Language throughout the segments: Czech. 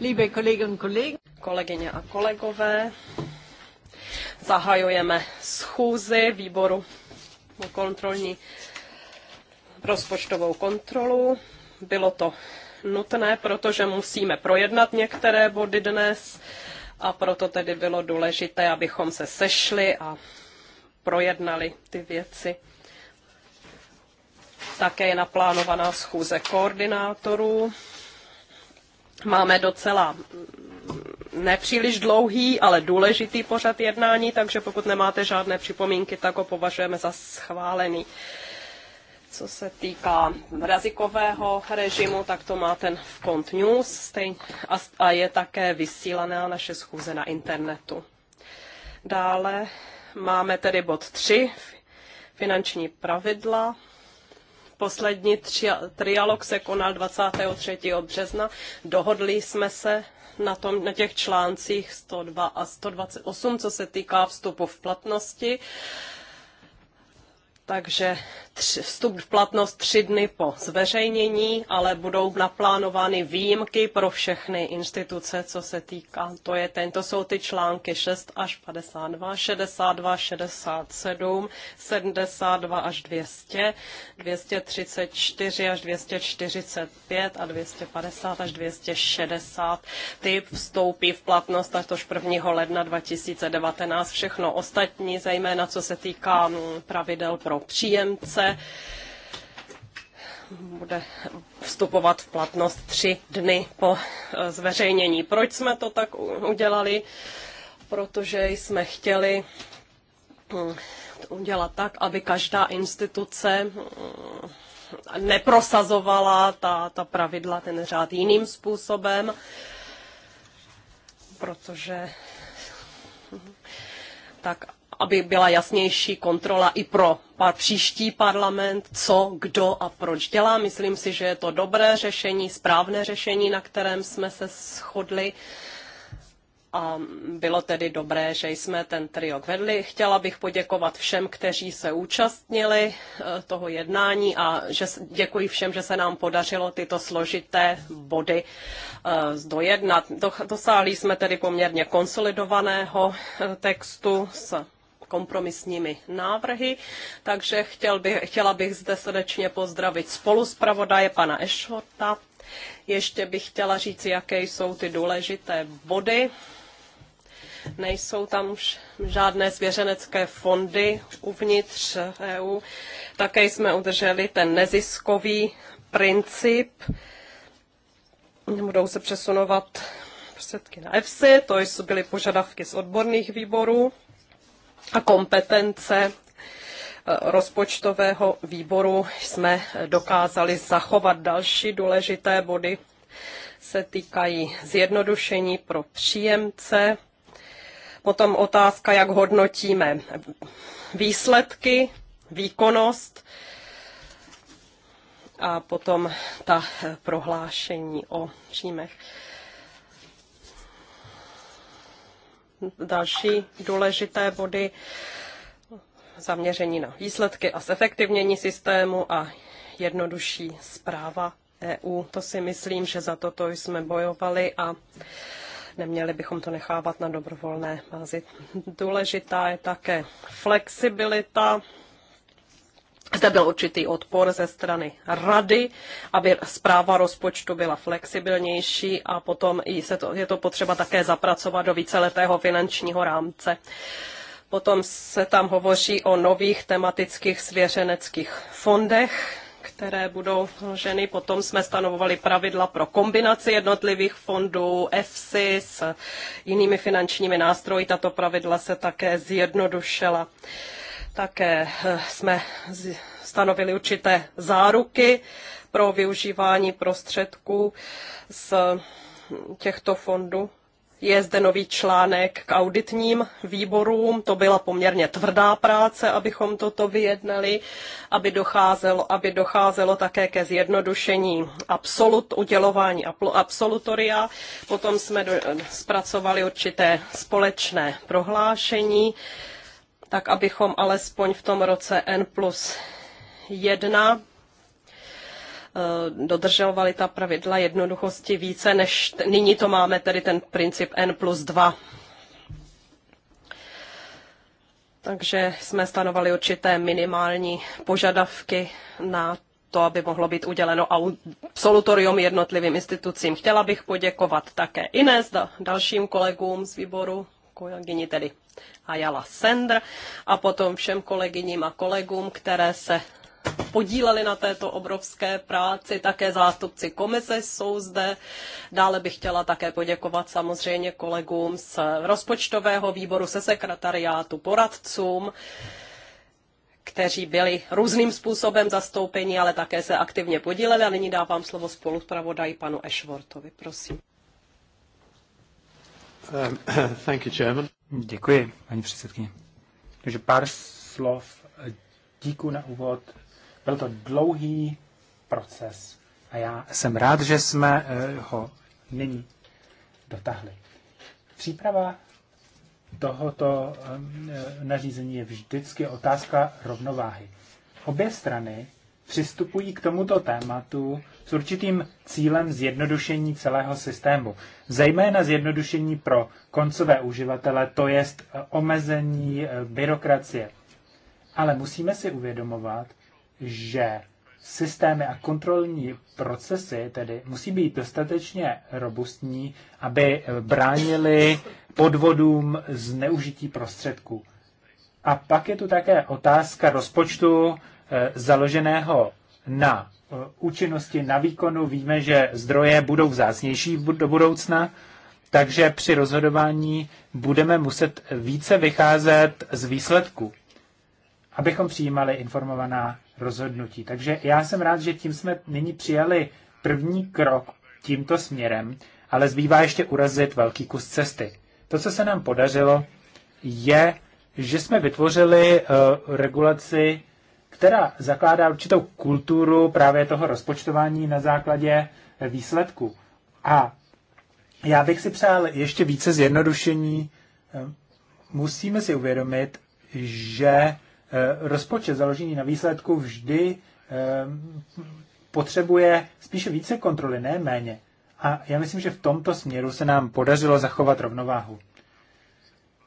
Liebe Kolleginnen und Kollegen. Kolegyně a kolegové, zahajujeme schůzi výboru kontrolní rozpočtovou kontrolu. Bylo to nutné, protože musíme projednat některé body dnes a proto tedy bylo důležité, abychom se sešli a projednali ty věci. Také je naplánovaná schůze koordinátorů Máme docela nepříliš dlouhý, ale důležitý pořad jednání, takže pokud nemáte žádné připomínky, tak ho považujeme za schválený. Co se týká razikového režimu, tak to má ten v Kont News a je také vysílaná naše schůze na internetu. Dále máme tedy bod 3, finanční pravidla. Poslední tři, trialog se konal 23. března. Dohodli jsme se na, tom, na těch článcích 102 a 128, co se týká vstupu v platnosti. Takže vstup v platnost tři dny po zveřejnění, ale budou naplánovány výjimky pro všechny instituce, co se týká. To, je ten, to jsou ty články 6 až 52, 62, 67, 72 až 200, 234 až 245 a 250 až 260. Ty vstoupí v platnost až tož 1. ledna 2019. Všechno ostatní, zejména co se týká mm, pravidel pro příjemce, bude vstupovat v platnost tři dny po eh, zveřejnění. Proč jsme to tak udělali? Protože jsme chtěli hm, udělat tak, aby každá instituce hm, neprosazovala ta, ta pravidla, ten řád jiným způsobem, protože hm, tak, aby byla jasnější kontrola i pro příští parlament, co, kdo a proč dělá. Myslím si, že je to dobré řešení, správné řešení, na kterém jsme se shodli. A bylo tedy dobré, že jsme ten triok vedli. Chtěla bych poděkovat všem, kteří se účastnili eh, toho jednání a že děkuji všem, že se nám podařilo tyto složité body eh, dojednat. Dosáhli jsme tedy poměrně konsolidovaného eh, textu s kompromisními návrhy, takže chtěl bych, chtěla bych zde srdečně pozdravit spolu zpravodaje pana Ešhota. Ještě bych chtěla říct, jaké jsou ty důležité body. Nejsou tam už žádné svěřenecké fondy uvnitř EU. Také jsme udrželi ten neziskový princip. Budou se přesunovat prostředky na EFSI, to byly požadavky z odborných výborů a kompetence eh, rozpočtového výboru jsme dokázali zachovat další důležité body se týkají zjednodušení pro příjemce, potom otázka, jak hodnotíme výsledky, výkonnost a potom ta prohlášení o příjmech. Další důležité body zaměření na výsledky a zefektivnění systému a jednodušší zpráva EU. To si myslím, že za toto jsme bojovali a neměli bychom to nechávat na dobrovolné bázi. Důležitá je také flexibilita zde byl určitý odpor ze strany rady, aby zpráva rozpočtu byla flexibilnější a potom se to, je to potřeba také zapracovat do víceletého finančního rámce. Potom se tam hovoří o nových tematických svěřeneckých fondech, které budou ženy. Potom jsme stanovovali pravidla pro kombinaci jednotlivých fondů, EFSI s jinými finančními nástroji. Tato pravidla se také zjednodušila. Uh, také eh, jsme stanovili určité záruky pro využívání prostředků z těchto fondů. Je zde nový článek k auditním výborům. To byla poměrně tvrdá práce, abychom toto vyjednali, aby docházelo, aby docházelo také ke zjednodušení absolut, udělování absolutoria. Potom jsme do, eh, zpracovali určité společné prohlášení. Uh, tak abychom alespoň v tom roce N plus 1 eh, dodržovali ta pravidla jednoduchosti více, než nyní to máme tedy ten princip N plus 2. Takže jsme stanovali určité minimální požadavky na to, aby mohlo být uděleno absolutorium jednotlivým institucím. Chtěla bych poděkovat také Ines, dalším kolegům z výboru, kolegyni tedy Jala Sender a potom všem kolegyním a kolegům, které se podíleli na této obrovské práci, také zástupci komise jsou zde. Dále bych chtěla také poděkovat samozřejmě kolegům z rozpočtového výboru, se sekretariátu, poradcům, kteří byli různým způsobem zastoupeni, ale také se aktivně podíleli. A nyní dávám slovo spoluzpravodaji panu Ashworthovi. prosím. Um, thank you, Chairman. Děkuji, paní předsedkyně. Takže pár slov díku na úvod. Byl to dlouhý proces a já jsem rád, že jsme eh, ho nyní dotáhli. Příprava tohoto eh, nařízení je vždycky otázka rovnováhy. Obě strany přistupují k tomuto tématu s určitým cílem zjednodušení celého systému. Zejména zjednodušení pro koncové uživatele, to je eh, omezení eh, byrokracie. Ale musíme si uvědomovat, že systémy a kontrolní procesy tedy musí být dostatečně robustní, aby eh, bránili podvodům zneužití prostředků. A pak je tu také otázka rozpočtu Eh, založeného na eh, účinnosti, na výkonu. Víme, že zdroje budou vzácnější do budoucna, takže při rozhodování budeme muset více vycházet z výsledku, abychom přijímali informovaná rozhodnutí. Takže já jsem rád, že tím jsme nyní přijali první krok tímto směrem, ale zbývá ještě urazit velký kus cesty. To, co se nám podařilo, je, že jsme vytvořili uh, regulaci která zakládá určitou kulturu právě toho rozpočtování na základě výsledku. A já bych si přál ještě více zjednodušení. Eh, musíme si uvědomit, že eh, rozpočet založený na výsledku vždy eh, potřebuje spíše více kontroly, ne méně. A já myslím, že v tomto směru se nám podařilo zachovat rovnováhu.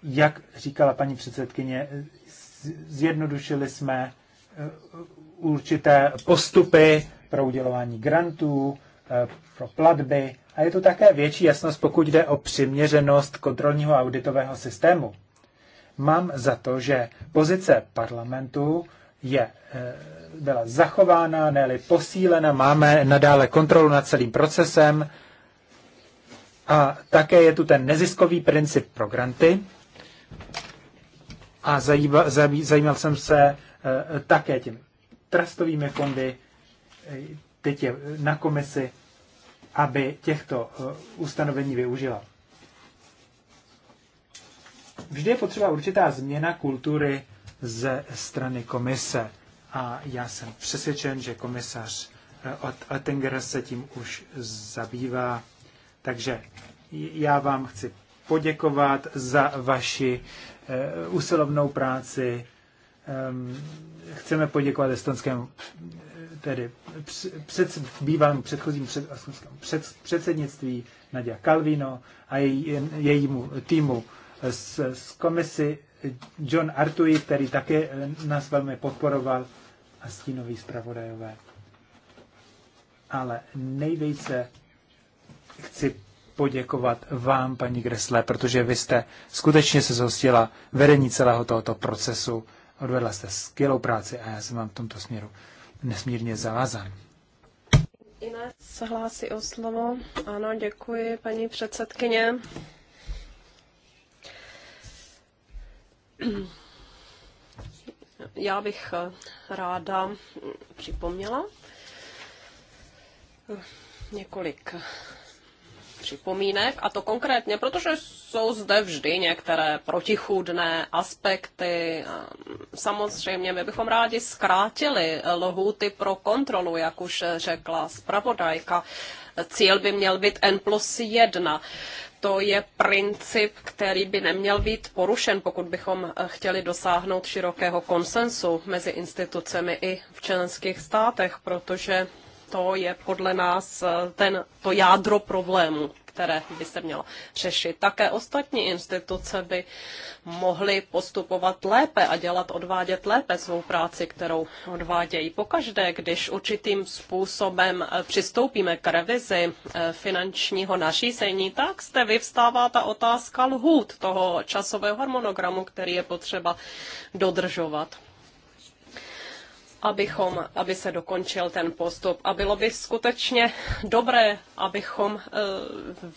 Jak říkala paní předsedkyně, zjednodušili jsme Eh, určité postupy pro udělování grantů, eh, pro platby a je tu také větší jasnost, pokud jde o přiměřenost kontrolního auditového systému. Mám za to, že pozice parlamentu je, eh, byla zachována, ne posílena, máme nadále kontrolu nad celým procesem a také je tu ten neziskový princip pro granty a zajímal, zajímal jsem se Eh, také těmi trustovými fondy. Eh, teď je na komisi, aby těchto eh, ustanovení využila. Vždy je potřeba určitá změna kultury ze strany komise. A já jsem přesvědčen, že komisař od Oettinger se tím už zabývá. Takže já vám chci poděkovat za vaši usilovnou práci Ehm, chceme poděkovat estonskému tedy před, bývalým předchozím před, před, předsednictví Nadia Calvino a jej, jejímu týmu z, z komisy John Artui, který také eh, nás velmi podporoval a stínový zpravodajové. Ale nejvíce chci poděkovat vám, paní Gresle, protože vy jste skutečně se zhostila vedení celého tohoto procesu Odvedla jste skvělou práci a já jsem vám v tomto směru nesmírně zavázán. Ines hlásí o slovo. Ano, děkuji, paní předsedkyně. Já bych eh, ráda připomněla eh, několik připomínek, a to konkrétně, protože jsou zde vždy některé protichůdné aspekty. Ehm, samozřejmě, my bychom rádi zkrátili lhůty pro kontrolu, jak už řekla zpravodajka. Cíl by měl být N plus 1 to je princip, který by neměl být porušen, pokud bychom chtěli dosáhnout širokého konsensu mezi institucemi i v členských státech, protože to je podle nás eh, ten, to jádro problému které by se mělo řešit. Také ostatní instituce by mohly postupovat lépe a dělat, odvádět lépe svou práci, kterou odvádějí. Pokaždé, když určitým způsobem eh, přistoupíme k revizi eh, finančního nařízení, tak zde vyvstává ta otázka lhůt toho časového harmonogramu, který je potřeba dodržovat abychom, aby se dokončil ten postup. A bylo by skutečně dobré, abychom eh,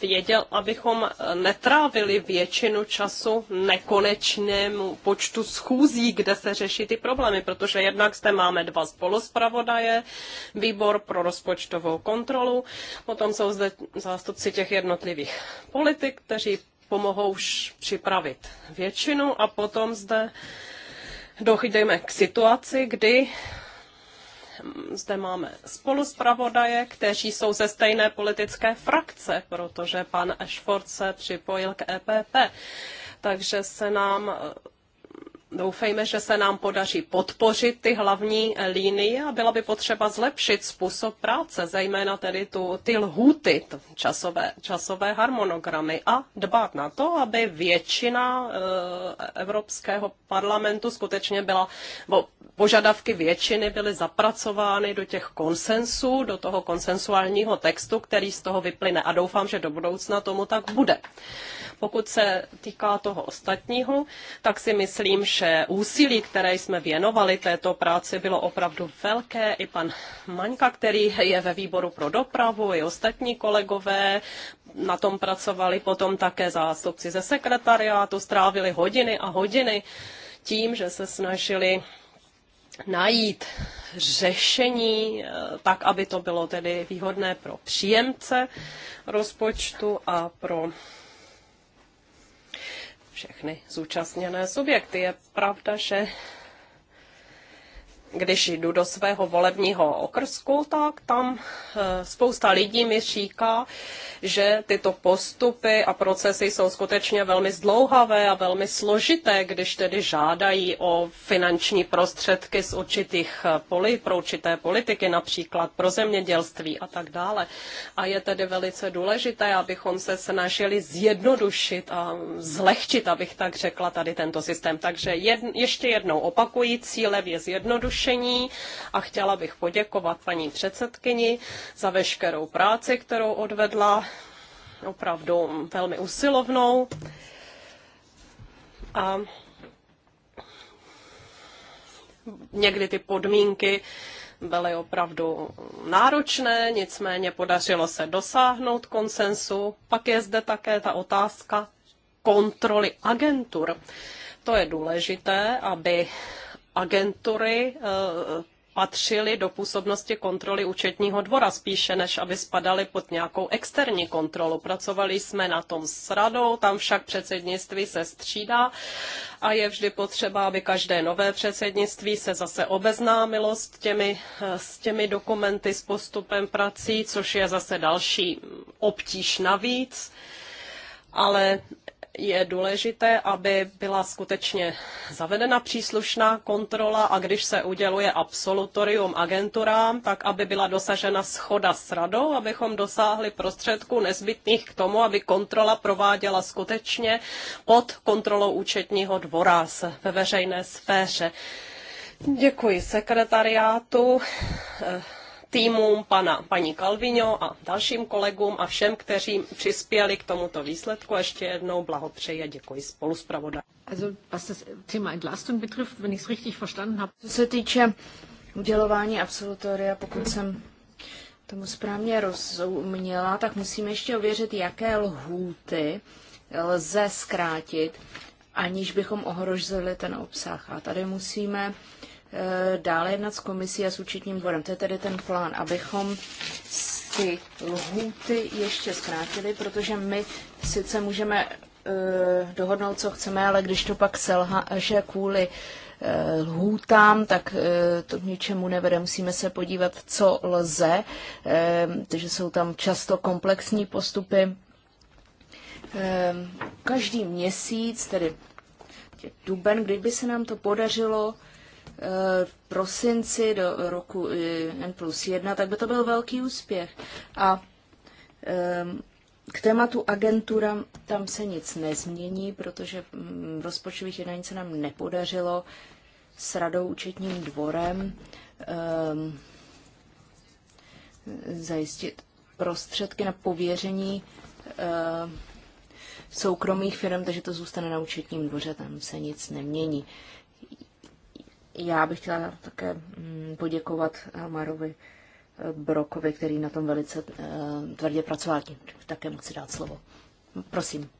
věděl, abychom netrávili většinu času nekonečnému počtu schůzí, kde se řeší ty problémy, protože jednak zde máme dva spoluspravodaje, výbor pro rozpočtovou kontrolu, potom jsou zde zástupci těch jednotlivých politik, kteří pomohou už připravit většinu a potom zde dojdeme k situaci, kdy mm, zde máme spoluzpravodaje, kteří jsou ze stejné politické frakce, protože pan Ashford se připojil k EPP. Takže se nám doufejme, že se nám podaří podpořit ty hlavní linie a byla by potřeba zlepšit způsob práce, zejména tedy tu, ty lhuty, časové, časové harmonogramy a dbát na to, aby většina eh, Evropského parlamentu skutečně byla, bo požadavky většiny byly zapracovány do těch konsensů, do toho konsensuálního textu, který z toho vyplyne a doufám, že do budoucna tomu tak bude. Pokud se týká toho ostatního, tak si myslím, že naše úsilí, které jsme věnovali této práci, bylo opravdu velké. I pan Maňka, který je ve výboru pro dopravu, i ostatní kolegové na tom pracovali, potom také zástupci ze sekretariátu strávili hodiny a hodiny tím, že se snažili najít řešení eh, tak, aby to bylo tedy výhodné pro příjemce rozpočtu a pro všechny zúčastněné subjekty. Je pravda, že když jdu do svého volebního okrsku, tak tam eh, spousta lidí mi říká, že tyto postupy a procesy jsou skutečně velmi zdlouhavé a velmi složité, když tedy žádají o finanční prostředky z určitých eh, poli, pro určité politiky, například pro zemědělství a tak dále. A je tedy velice důležité, abychom se snažili zjednodušit a zlehčit, abych tak řekla, tady tento systém. Takže jed, ještě jednou opakuji, cílem je zjednodušit zrušení a chtěla bych poděkovat paní předsedkyni za veškerou práci, kterou odvedla, opravdu velmi usilovnou. A někdy ty podmínky byly opravdu náročné, nicméně podařilo se dosáhnout konsensu. Pak je zde také ta otázka kontroly agentur. To je důležité, aby agentury eh, patřily do působnosti kontroly účetního dvora spíše, než aby spadaly pod nějakou externí kontrolu. Pracovali jsme na tom s radou, tam však předsednictví se střídá a je vždy potřeba, aby každé nové předsednictví se zase obeznámilo s těmi, eh, s těmi dokumenty, s postupem prací, což je zase další obtíž navíc ale je důležité, aby byla skutečně zavedena příslušná kontrola a když se uděluje absolutorium agenturám, tak aby byla dosažena schoda s radou, abychom dosáhli prostředků nezbytných k tomu, aby kontrola prováděla skutečně pod kontrolou účetního dvora ve veřejné sféře. Děkuji sekretariátu eh, týmům pana, paní Kalvino a dalším kolegům a všem, kteří přispěli k tomuto výsledku. Ještě jednou blahopřeji a děkuji spolu Also, was das Thema Entlastung betrifft, wenn ich richtig verstanden habe. Co se týče udělování absolutoria, pokud jsem tomu správně rozuměla, tak musíme ještě ověřit, jaké lhůty lze zkrátit, aniž bychom ohrožili ten obsah. A tady musíme uh, Eh, dále jednat s komisí a s účetním dvorem. To je tedy ten plán, abychom ty lhůty ještě zkrátili, protože my sice můžeme eh, dohodnout, co chceme, ale když to pak že kvůli eh, lhůtám, tak to k ničemu nevede. Musíme se podívat, co lze, protože jsou tam často komplexní postupy. Každý měsíc, tedy duben, kdyby se nám to podařilo, v eh, prosinci do roku eh, N plus 1, tak by to byl velký úspěch. A eh, k tématu agentura tam se nic nezmění, protože mm, v rozpočtových jednání se nám nepodařilo s radou účetním dvorem zajistit prostředky na pověření soukromých firm, takže to zůstane na účetním dvoře, tam se nic nemění. Já bych chtěla také mm, poděkovat Marovi eh, Brokovi, který na tom velice eh, tvrdě pracoval. Také mu dát slovo. Prosím.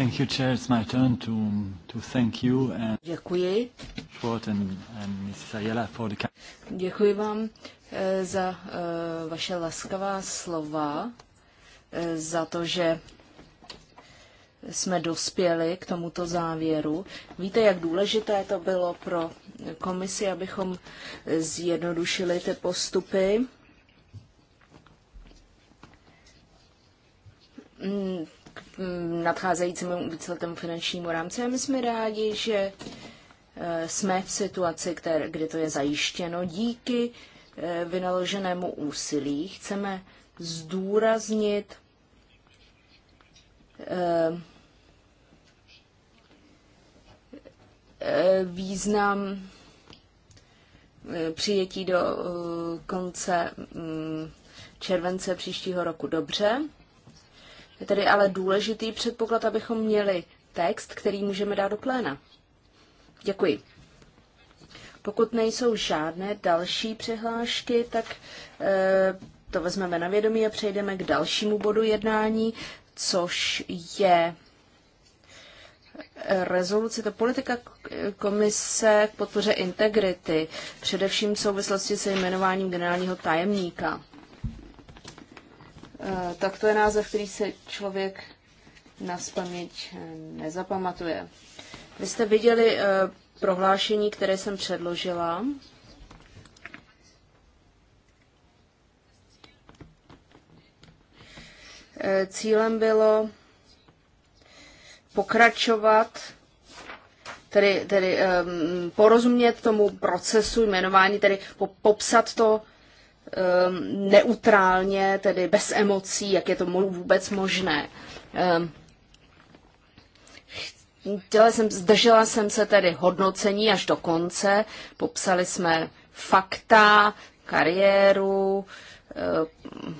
Thank you, Chair. It's my turn to, thank you and Děkuji. And, and Mrs. Ayala for the... Děkuji vám eh, za eh, vaše laskavá slova, eh, za to, že jsme dospěli k tomuto závěru. Víte, jak důležité to bylo pro komisi, abychom zjednodušili ty postupy. Mm, nadcházejícím víceletému finančnímu rámci. A my jsme rádi, že e, jsme v situaci, které, kdy to je zajištěno. Díky e, vynaloženému úsilí chceme zdůraznit e, význam přijetí do konce mm, července příštího roku dobře. Je tedy ale důležitý předpoklad, abychom měli text, který můžeme dát do pléna. Děkuji. Pokud nejsou žádné další přihlášky, tak eh, to vezmeme na vědomí a přejdeme k dalšímu bodu jednání, což je eh, rezoluce, to politika eh, komise k podpoře integrity, především v souvislosti se jmenováním generálního tajemníka. Eh, tak to je název, který se člověk na spaměť eh, nezapamatuje. Vy jste viděli eh, prohlášení, které jsem předložila. Cílem bylo pokračovat, tedy, tedy um, porozumět tomu procesu jmenování, tedy popsat to, Um, neutrálně, tedy bez emocí, jak je to vůbec možné. Um, chtěla jsem, zdržela jsem se tedy hodnocení až do konce. Popsali jsme fakta, kariéru, um,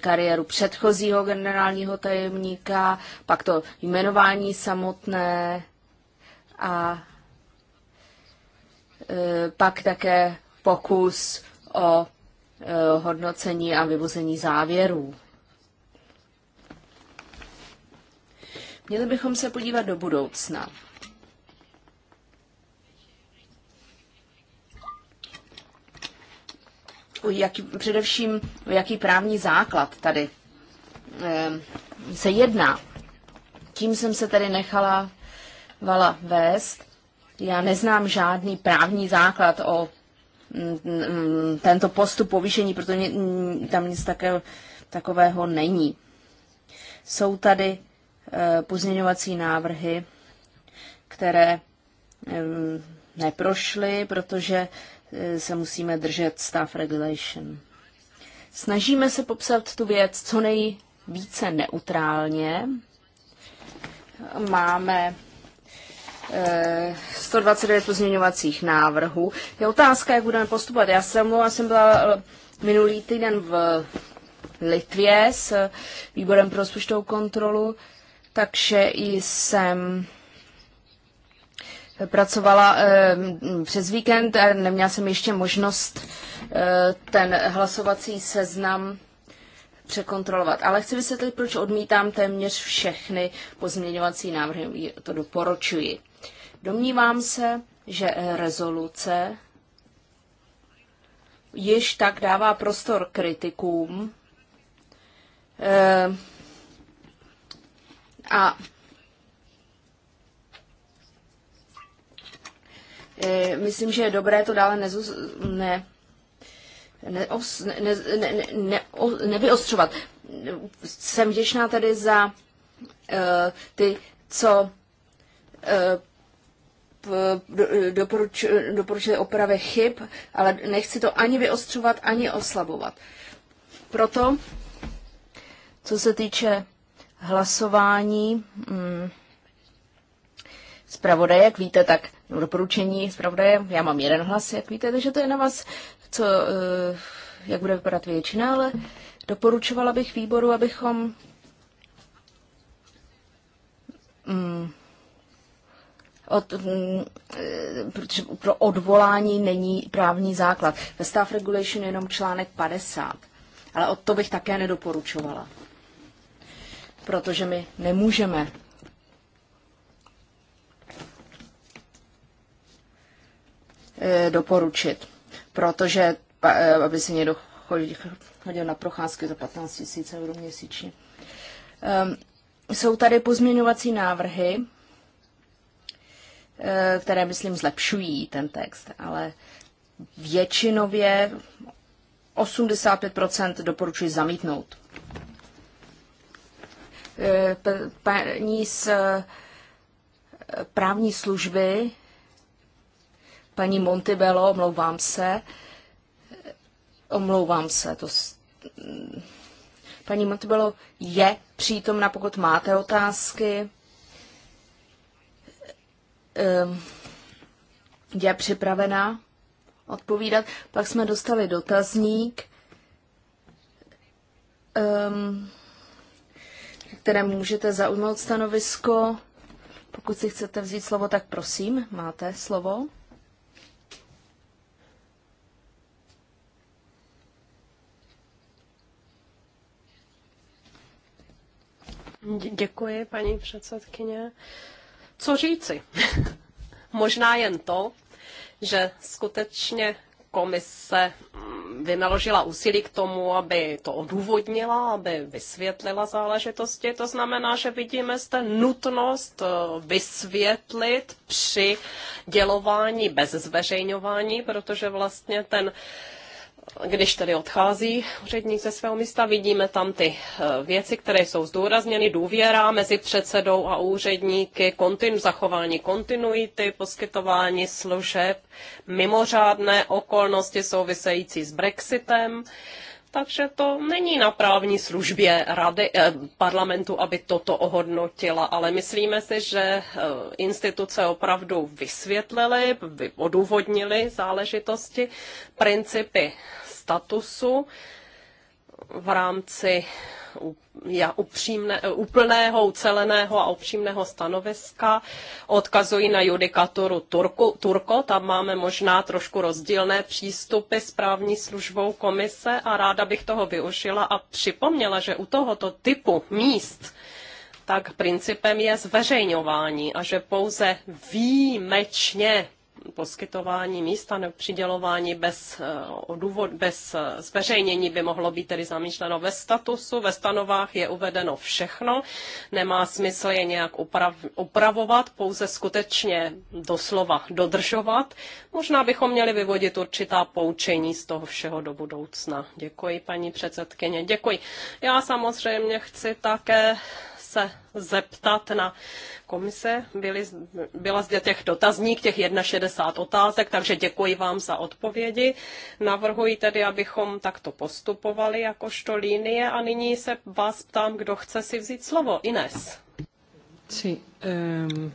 kariéru předchozího generálního tajemníka, pak to jmenování samotné a uh, pak také pokus o e, hodnocení a vyvození závěrů. Měli bychom se podívat do budoucna. jaký především, o jaký právní základ tady e, se jedná. Tím jsem se tady nechala vala vést. Já neznám žádný právní základ o tento postup povýšení, protože tam nic také, takového není. Jsou tady eh, pozměňovací návrhy, které eh, neprošly, protože eh, se musíme držet staff regulation. Snažíme se popsat tu věc co nejvíce neutrálně. Máme 129 eh, pozměňovacích návrhů. Je otázka, jak budeme postupovat. Já jsem, já jsem byla eh, minulý týden v Litvě s eh, výborem pro rozpočtovou kontrolu, takže jsem pracovala přes víkend, a neměla jsem ještě možnost ten hlasovací seznam překontrolovat. Ale chci vysvětlit, proč odmítám téměř všechny pozměňovací návrhy. To doporučuji. Domnívám se, že rezoluce již tak dává prostor kritikům eh, a eh, myslím, že je dobré to dále nezůstat. ne, neos, ne, ne, ne, ne, nevyostřovat. Jsem vděčná tady za uh, ty, co eh, doporuč, doporučili opravy chyb, ale nechci to ani vyostřovat, ani oslabovat. Proto, co se týče hlasování hmm, zpravodaje, jak víte, tak no, doporučení zpravodaje, já mám jeden hlas, jak víte, takže to je na vás, co, eh, jak bude vypadat většina, ale doporučovala bych výboru, abychom mm, od, mm, eh, protože pro odvolání není právní základ. Ve staff regulation je jenom článek 50, ale od to bych také nedoporučovala, protože my nemůžeme eh, doporučit protože eh, aby si někdo chodil na procházky za 15 000 euro měsíčně. Ehm, jsou tady pozměňovací návrhy, eh, které, myslím, zlepšují ten text, ale většinově 85% doporučuji zamítnout. Eh, paní z právní služby paní Montibello, omlouvám se, omlouvám se, to paní Montibello je přítomna, pokud máte otázky. Ehm, je připravená odpovídat. Pak jsme dostali dotazník, ehm, které můžete zaujmout stanovisko. Pokud si chcete vzít slovo, tak prosím, máte slovo. Děkuji, paní předsedkyně. Co říci? Možná jen to, že skutečně komise mm, vynaložila úsilí k tomu, aby to odůvodnila, aby vysvětlila záležitosti. To znamená, že vidíme zde nutnost eh, vysvětlit při dělování bez zveřejňování, protože vlastně ten když tedy odchází úředník ze svého místa, vidíme tam ty eh, věci, které jsou zdůrazněny, důvěra mezi předsedou a úředníky, kontinu, zachování kontinuity, poskytování služeb, mimořádné okolnosti související s Brexitem, takže to není na právní službě rady, eh, parlamentu, aby toto ohodnotila, ale myslíme si, že eh, instituce opravdu vysvětlily, odůvodnily záležitosti, principy statusu. Eh, v rámci úplného, uceleného a upřímného stanoviska. Odkazují na judikaturu Turku, Turko, tam máme možná trošku rozdílné přístupy s právní službou komise a ráda bych toho využila a připomněla, že u tohoto typu míst tak principem je zveřejňování a že pouze výjimečně poskytování místa nebo přidělování bez, eh, odůvod, bez eh, zveřejnění by mohlo být tedy zamýšleno ve statusu. Ve stanovách je uvedeno všechno, nemá smysl je nějak uprav, upravovat, pouze skutečně doslova dodržovat. Možná bychom měli vyvodit určitá poučení z toho všeho do budoucna. Děkuji, paní předsedkyně. Děkuji. Já samozřejmě chci také se zeptat na komise. Byly, byla zde těch dotazník, těch 61 otázek, takže děkuji vám za odpovědi. Navrhuji tedy, abychom takto postupovali jakožto linie a nyní se vás ptám, kdo chce si vzít slovo. Ines. Sí, um...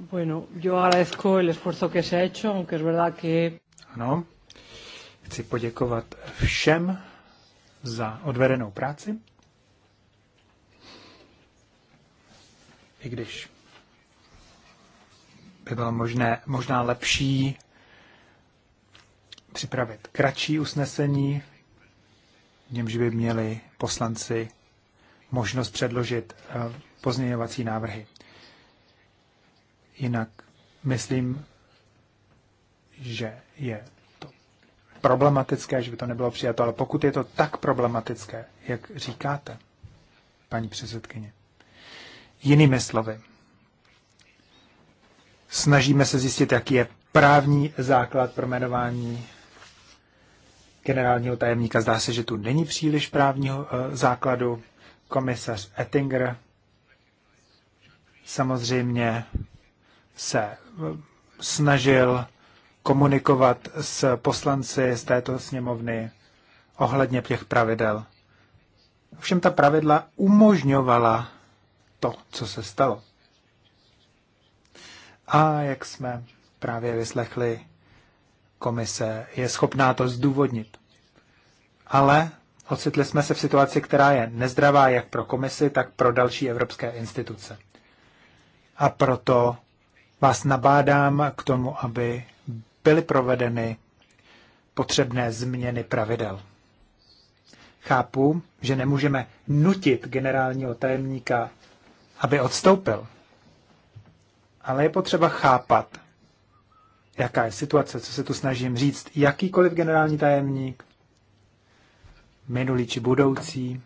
Bueno, yo agradezco el esfuerzo que se ha hecho, aunque es verdad que... Ano, chci poděkovat všem za odvedenou práci. i když by bylo možné, možná lepší připravit kratší usnesení, v němž by měli poslanci možnost předložit eh, pozměňovací návrhy. Jinak myslím, že je to problematické, že by to nebylo přijato, ale pokud je to tak problematické, jak říkáte, paní předsedkyně, Jinými slovy, snažíme se zjistit, jaký je právní základ pro jmenování generálního tajemníka. Zdá se, že tu není příliš právního eh, základu. Komisař Ettinger samozřejmě se eh, snažil komunikovat s poslanci z této sněmovny ohledně těch pravidel. Ovšem ta pravidla umožňovala to, co se stalo. A jak jsme právě vyslechli, komise je schopná to zdůvodnit. Ale ocitli jsme se v situaci, která je nezdravá jak pro komisi, tak pro další evropské instituce. A proto vás nabádám k tomu, aby byly provedeny potřebné změny pravidel. Chápu, že nemůžeme nutit generálního tajemníka aby odstoupil. Ale je potřeba chápat, jaká je situace, co se tu snažím říct. Jakýkoliv generální tajemník, minulý či budoucí,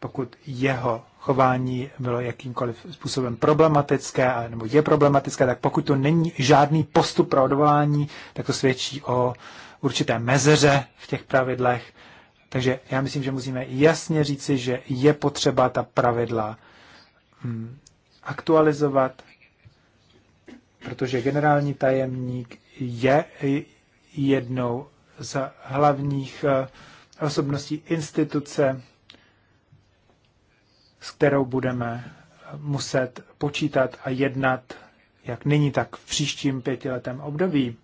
pokud jeho chování bylo jakýmkoliv způsobem problematické, nebo je problematické, tak pokud to není žádný postup pro odvolání, tak to svědčí o určité mezeře v těch pravidlech takže já myslím, že musíme jasně říci, že je potřeba ta pravidla hm, aktualizovat, protože generální tajemník je jednou z hlavních eh, osobností instituce, s kterou budeme eh, muset počítat a jednat jak nyní, tak v příštím pětiletém období.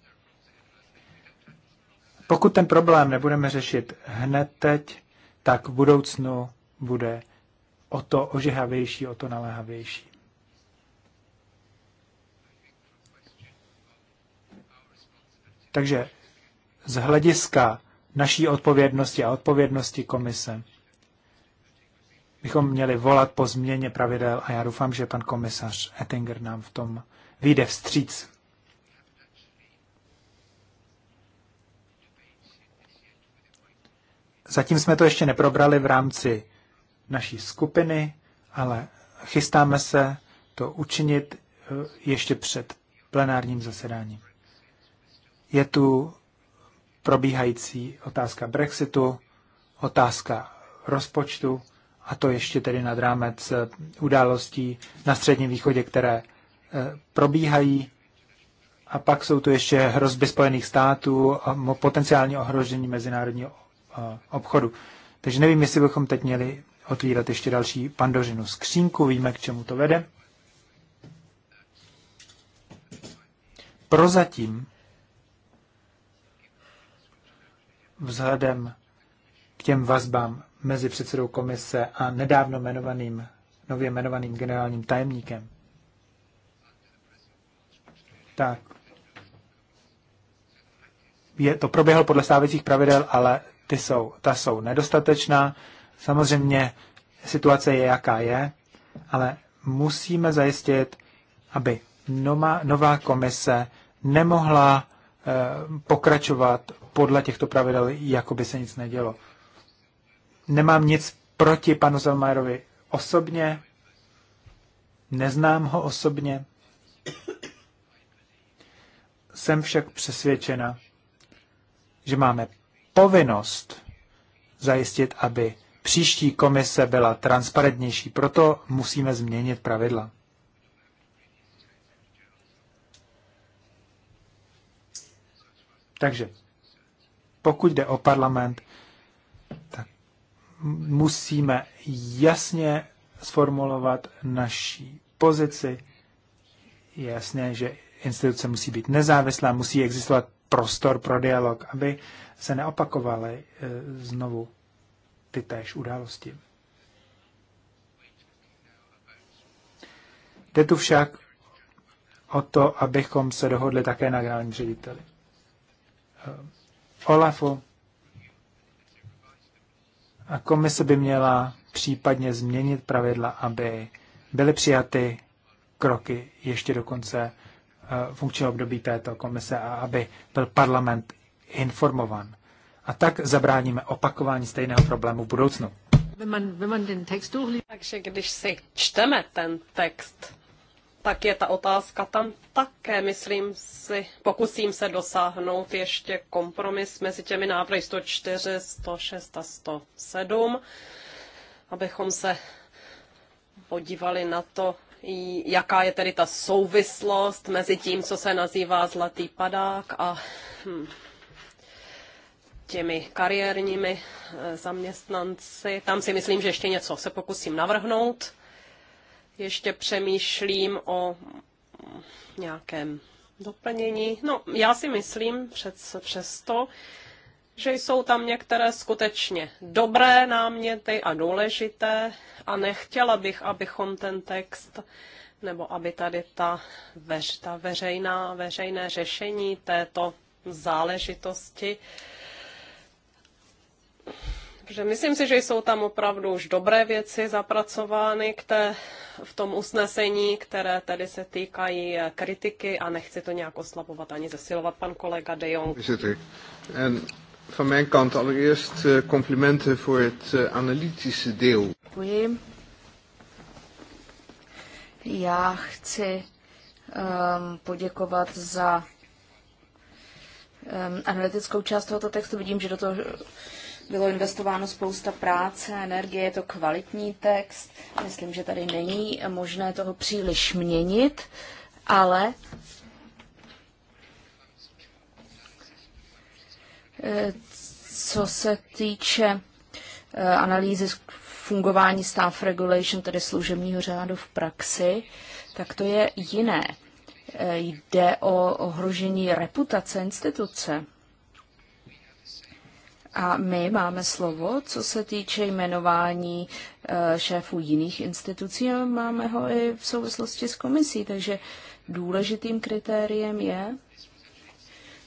Pokud ten problém nebudeme řešit hned teď, tak v budoucnu bude o to ožehavější, o to naléhavější. Takže z hlediska naší odpovědnosti a odpovědnosti komise bychom měli volat po změně pravidel a já doufám, že pan komisař Ettinger nám v tom vyjde vstříc. Zatím jsme to ještě neprobrali v rámci naší skupiny, ale chystáme se to učinit eh, ještě před plenárním zasedáním. Je tu probíhající otázka Brexitu, otázka rozpočtu, a to ještě tedy nad rámec eh, událostí na Středním východě, které eh, probíhají. A pak jsou tu ještě hrozby Spojených států, potenciální ohrožení mezinárodního obchodu. Takže nevím, jestli bychom teď měli otvírat ještě další pandořinu skřínku, víme, k čemu to vede. Prozatím, vzhledem k těm vazbám mezi předsedou komise a nedávno jmenovaným, nově jmenovaným generálním tajemníkem, tak je, to proběhlo podle stávajících pravidel, ale ty jsou, ta jsou nedostatečná. Samozřejmě situace je, jaká je, ale musíme zajistit, aby nová, nová komise nemohla eh, pokračovat podle těchto pravidel, jako by se nic nedělo. Nemám nic proti panu Zelmajerovi osobně, neznám ho osobně, jsem však přesvědčena, že máme povinnost zajistit, aby příští komise byla transparentnější. Proto musíme změnit pravidla. Takže pokud jde o parlament, tak musíme jasně sformulovat naší pozici. Je jasné, že instituce musí být nezávislá, musí existovat prostor pro dialog, aby se neopakovaly e, znovu ty též události. Jde tu však o to, abychom se dohodli také na generálním řediteli. E, Olafu a komise by měla případně změnit pravidla, aby byly přijaty kroky ještě do konce Eh, funkčního období této komise a aby byl parlament informovan. A tak zabráníme opakování stejného problému v budoucnu. Takže když si čteme ten text, tak je ta otázka tam také, myslím si, pokusím se dosáhnout ještě kompromis mezi těmi návrhy 104, 106 a 107, abychom se podívali na to, jaká je tedy ta souvislost mezi tím, co se nazývá zlatý padák a hm, těmi kariérními eh, zaměstnanci. Tam si myslím, že ještě něco se pokusím navrhnout. Ještě přemýšlím o nějakém doplnění. No, já si myslím přes, přesto, že jsou tam některé skutečně dobré náměty a důležité a nechtěla bych, abychom ten text nebo aby tady ta, veř, ta veřejná, veřejné řešení této záležitosti že myslím si, že jsou tam opravdu už dobré věci zapracovány k té, v tom usnesení, které tedy se týkají kritiky a nechci to nějak oslabovat ani zesilovat pan kolega De Jong. Van mijn kant allereerst eh, complimenten voor het eh, analytische deel. Děkuji. Já chci um, poděkovat za um, analytickou část tohoto textu. Vidím, že do toho bylo investováno spousta práce, energie, je to kvalitní text. Myslím, že tady není možné toho příliš měnit, ale Eh, co se týče eh, analýzy fungování staff regulation, tedy služebního řádu v praxi, tak to je jiné. Eh, jde o ohrožení reputace instituce. A my máme slovo, co se týče jmenování šéfů jiných institucí a máme ho i v souvislosti s komisí. Takže důležitým kritériem je,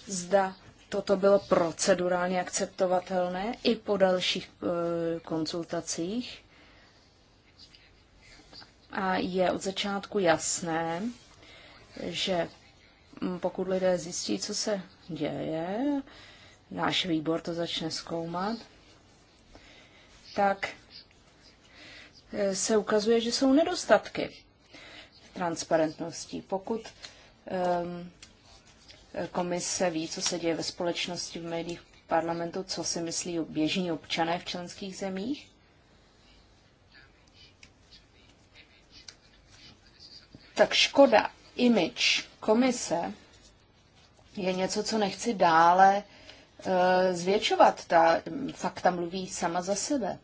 zda toto bylo procedurálně akceptovatelné i po dalších e, konzultacích. A je od začátku jasné, že pokud lidé zjistí, co se děje, náš výbor to začne zkoumat, tak e, se ukazuje, že jsou nedostatky transparentnosti. Pokud um, komise ví, co se děje ve společnosti, v médiích, v parlamentu, co si myslí běžní občané v členských zemích? Tak škoda, image komise je něco, co nechci dále eh, zvětšovat. Ta fakta mluví sama za sebe.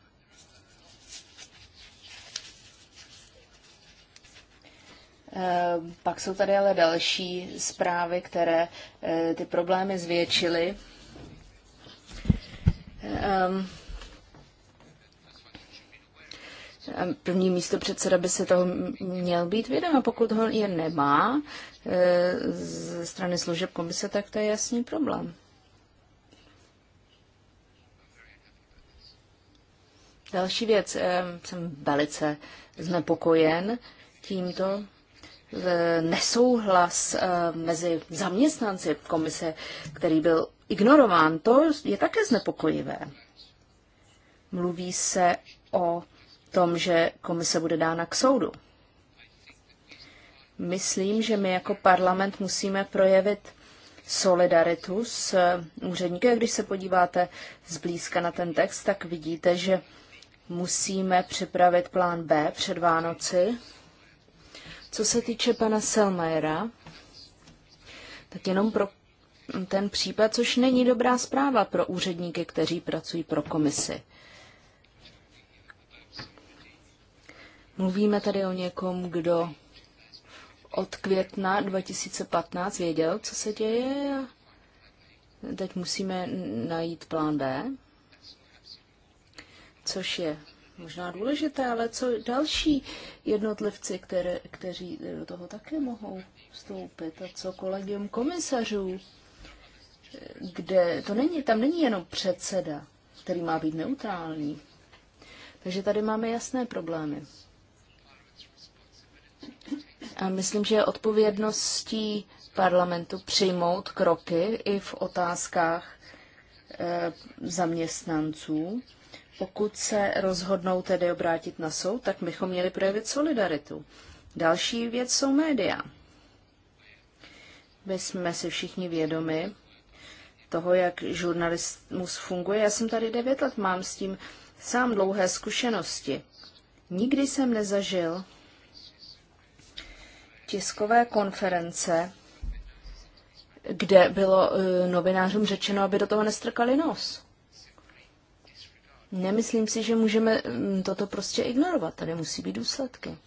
Eh, pak jsou tady ale další zprávy, které eh, ty problémy zvětšily. Ehm, ehm, první místo předseda by se toho měl být vědom a pokud ho je nemá eh, ze strany služeb komise, tak to je jasný problém. Další věc, ehm, jsem velice znepokojen tímto E, nesouhlas e, mezi zaměstnanci komise, který byl ignorován, to je také znepokojivé. Mluví se o tom, že komise bude dána k soudu. Myslím, že my jako parlament musíme projevit solidaritu s e, úředníky. když se podíváte zblízka na ten text, tak vidíte, že musíme připravit plán B před Vánoci, co se týče pana Selmayera, tak jenom pro ten případ, což není dobrá zpráva pro úředníky, kteří pracují pro komisi. Mluvíme tady o někom, kdo od května 2015 věděl, co se děje a teď musíme najít plán B, což je možná důležité, ale co další jednotlivci, které, kteří do toho také mohou vstoupit a co kolegium komisařů, kde to není, tam není jenom předseda, který má být neutrální. Takže tady máme jasné problémy. A myslím, že je odpovědností parlamentu přijmout kroky i v otázkách eh, zaměstnanců pokud se rozhodnou tedy obrátit na soud, tak bychom měli projevit solidaritu. Další věc jsou média. My jsme si všichni vědomi toho, jak žurnalismus funguje. Já jsem tady devět let, mám s tím sám dlouhé zkušenosti. Nikdy jsem nezažil tiskové konference, kde bylo eh, novinářům řečeno, aby do toho nestrkali nos. Nemyslím si, že můžeme mm, toto prostě ignorovat. Tady musí být důsledky.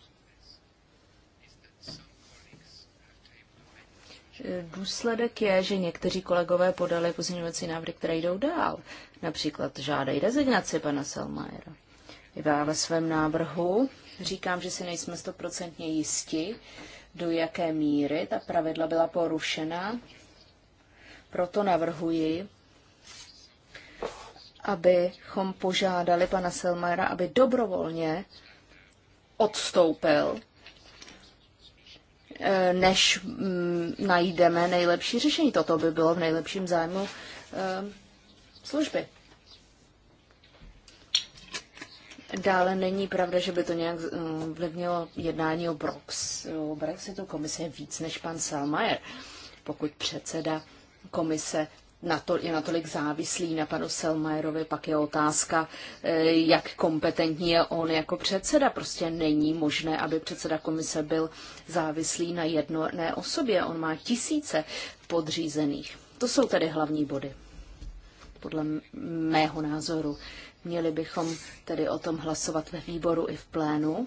Důsledek je, že někteří kolegové podali pozměňovací návrhy, které jdou dál. Například žádají rezignaci pana Selmajera. Já ve svém návrhu říkám, že si nejsme stoprocentně jisti, do jaké míry ta pravidla byla porušena. Proto navrhuji, abychom požádali pana Selmajera, aby dobrovolně odstoupil, eh, než mm, najdeme nejlepší řešení. Toto by bylo v nejlepším zájmu eh, služby. Dále není pravda, že by to nějak eh, vlivnilo jednání o, Brox, o Brexitu. Komise víc než pan Selmayr. Pokud předseda komise je natolik závislý na panu Selmajerovi, pak je otázka, eh, jak kompetentní je on jako předseda. Prostě není možné, aby předseda komise byl závislý na jedné osobě. On má tisíce podřízených. To jsou tedy hlavní body, podle mého názoru. Měli bychom tedy o tom hlasovat ve výboru i v plénu.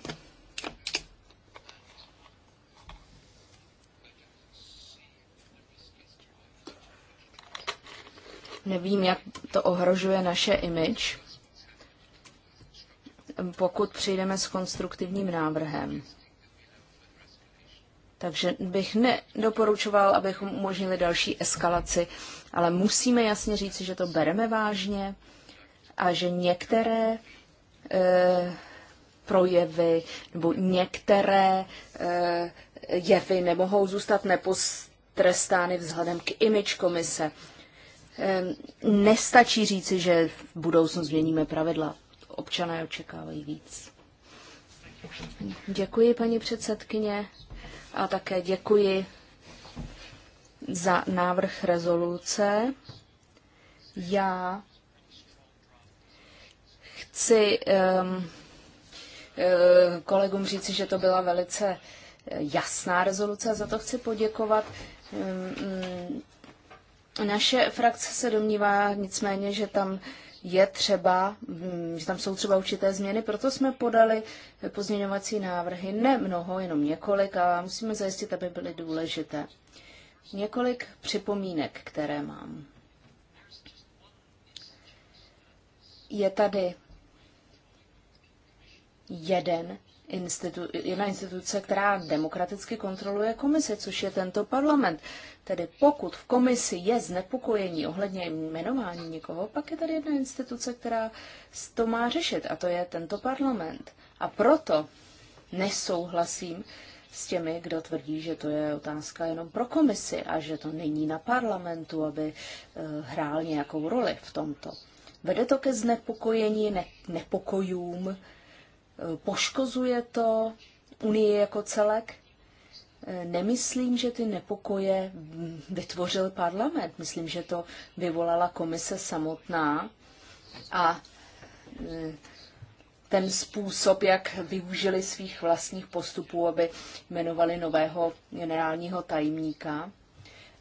Nevím, jak to ohrožuje naše image, pokud přijdeme s konstruktivním návrhem. Takže bych nedoporučoval, abychom umožnili další eskalaci, ale musíme jasně říci, že to bereme vážně a že některé e, projevy nebo některé e, jevy nemohou zůstat nepostrestány vzhledem k imič komise. Ehm, nestačí říci, že v budoucnu změníme pravidla. Občané očekávají víc. Děkuji, paní předsedkyně, a také děkuji za návrh rezoluce. Já chci um, kolegům říci, že to byla velice jasná rezoluce a za to chci poděkovat. Um, naše frakce se domnívá nicméně, že tam je třeba, mm, že tam jsou třeba určité změny, proto jsme podali pozměňovací návrhy, ne mnoho, jenom několik, a musíme zajistit, aby byly důležité. Několik připomínek, které mám. Je tady jeden institu- jedna instituce, která demokraticky kontroluje komisi, což je tento parlament. Tedy pokud v komisi je znepokojení ohledně jmenování někoho, pak je tady jedna instituce, která to má řešit, a to je tento parlament. A proto nesouhlasím s těmi, kdo tvrdí, že to je otázka jenom pro komisi a že to není na parlamentu, aby eh, hrál nějakou roli v tomto. Vede to ke znepokojení, ne, nepokojům, poškozuje to Unii jako celek. Nemyslím, že ty nepokoje vytvořil parlament. Myslím, že to vyvolala komise samotná a e, ten způsob, jak využili svých vlastních postupů, aby jmenovali nového generálního tajemníka.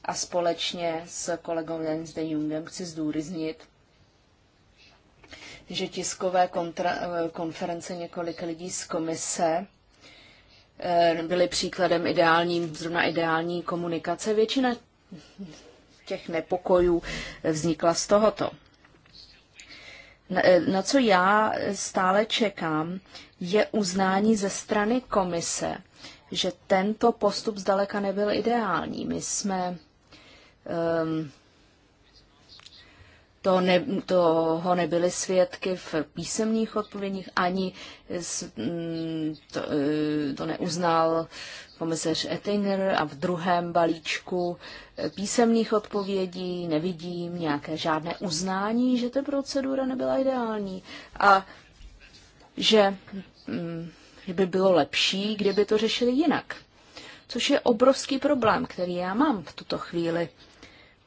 A společně s kolegou Jens de Jungem chci zdůraznit, že tiskové kontra, eh, konference několik lidí z komise eh, byly příkladem ideální, zrovna ideální komunikace. Většina těch nepokojů vznikla z tohoto. Na, eh, na co já stále čekám, je uznání ze strany komise, že tento postup zdaleka nebyl ideální. My jsme um, to ne, toho nebyly svědky v písemných odpovědích, ani s, mm, to, e, to neuznal komisař Ettinger a v druhém balíčku e, písemných odpovědí nevidím nějaké žádné uznání, že ta procedura nebyla ideální a mm, že by bylo lepší, kdyby to řešili jinak. Což je obrovský problém, který já mám v tuto chvíli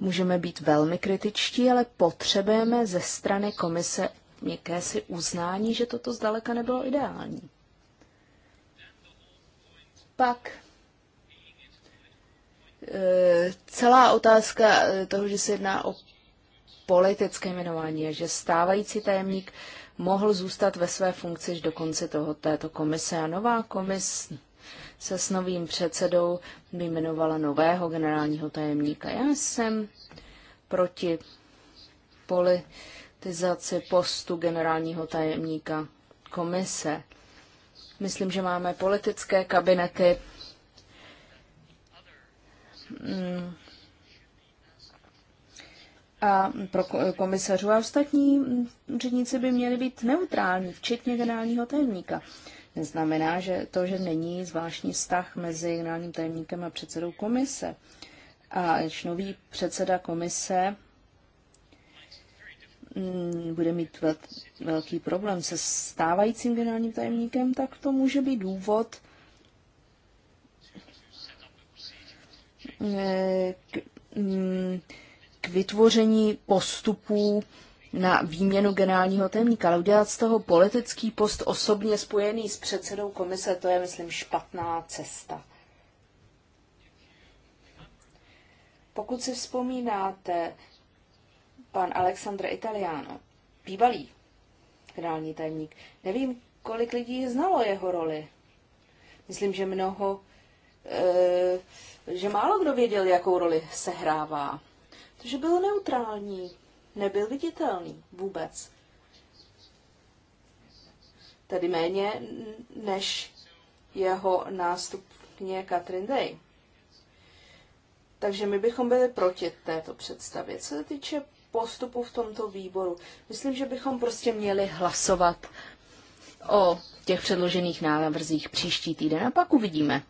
Můžeme být velmi kritičtí, ale potřebujeme ze strany komise si uznání, že toto zdaleka nebylo ideální. Pak eh, celá otázka eh, toho, že se jedná o politické jmenování že stávající tajemník mohl zůstat ve své funkci do konce toho, této komise a nová komise se s novým předsedou vyjmenovala nového generálního tajemníka. Já jsem proti politizaci postu generálního tajemníka komise. Myslím, že máme politické kabinety, hmm. a pro komisařů a ostatní úředníci by měli být neutrální, včetně generálního tajemníka. Neznamená, že to, že není zvláštní vztah mezi generálním tajemníkem a předsedou komise. A až nový předseda komise mm, bude mít velký problém se stávajícím generálním tajemníkem, tak to může být důvod eh, k, mm, k vytvoření postupů na výměnu generálního témníka, ale udělat z toho politický post osobně spojený s předsedou komise, to je, myslím, špatná cesta. Pokud si vzpomínáte, pan Alexandr Italiano, bývalý generální tajemník, nevím, kolik lidí znalo jeho roli. Myslím, že mnoho, e, že málo kdo věděl, jakou roli sehrává. Protože byl neutrální nebyl viditelný vůbec. Tedy méně než jeho nástupně Katrin Day. Takže my bychom byli proti této představě. Co se týče postupu v tomto výboru, myslím, že bychom prostě měli hlasovat o těch předložených návrzích příští týden a pak uvidíme,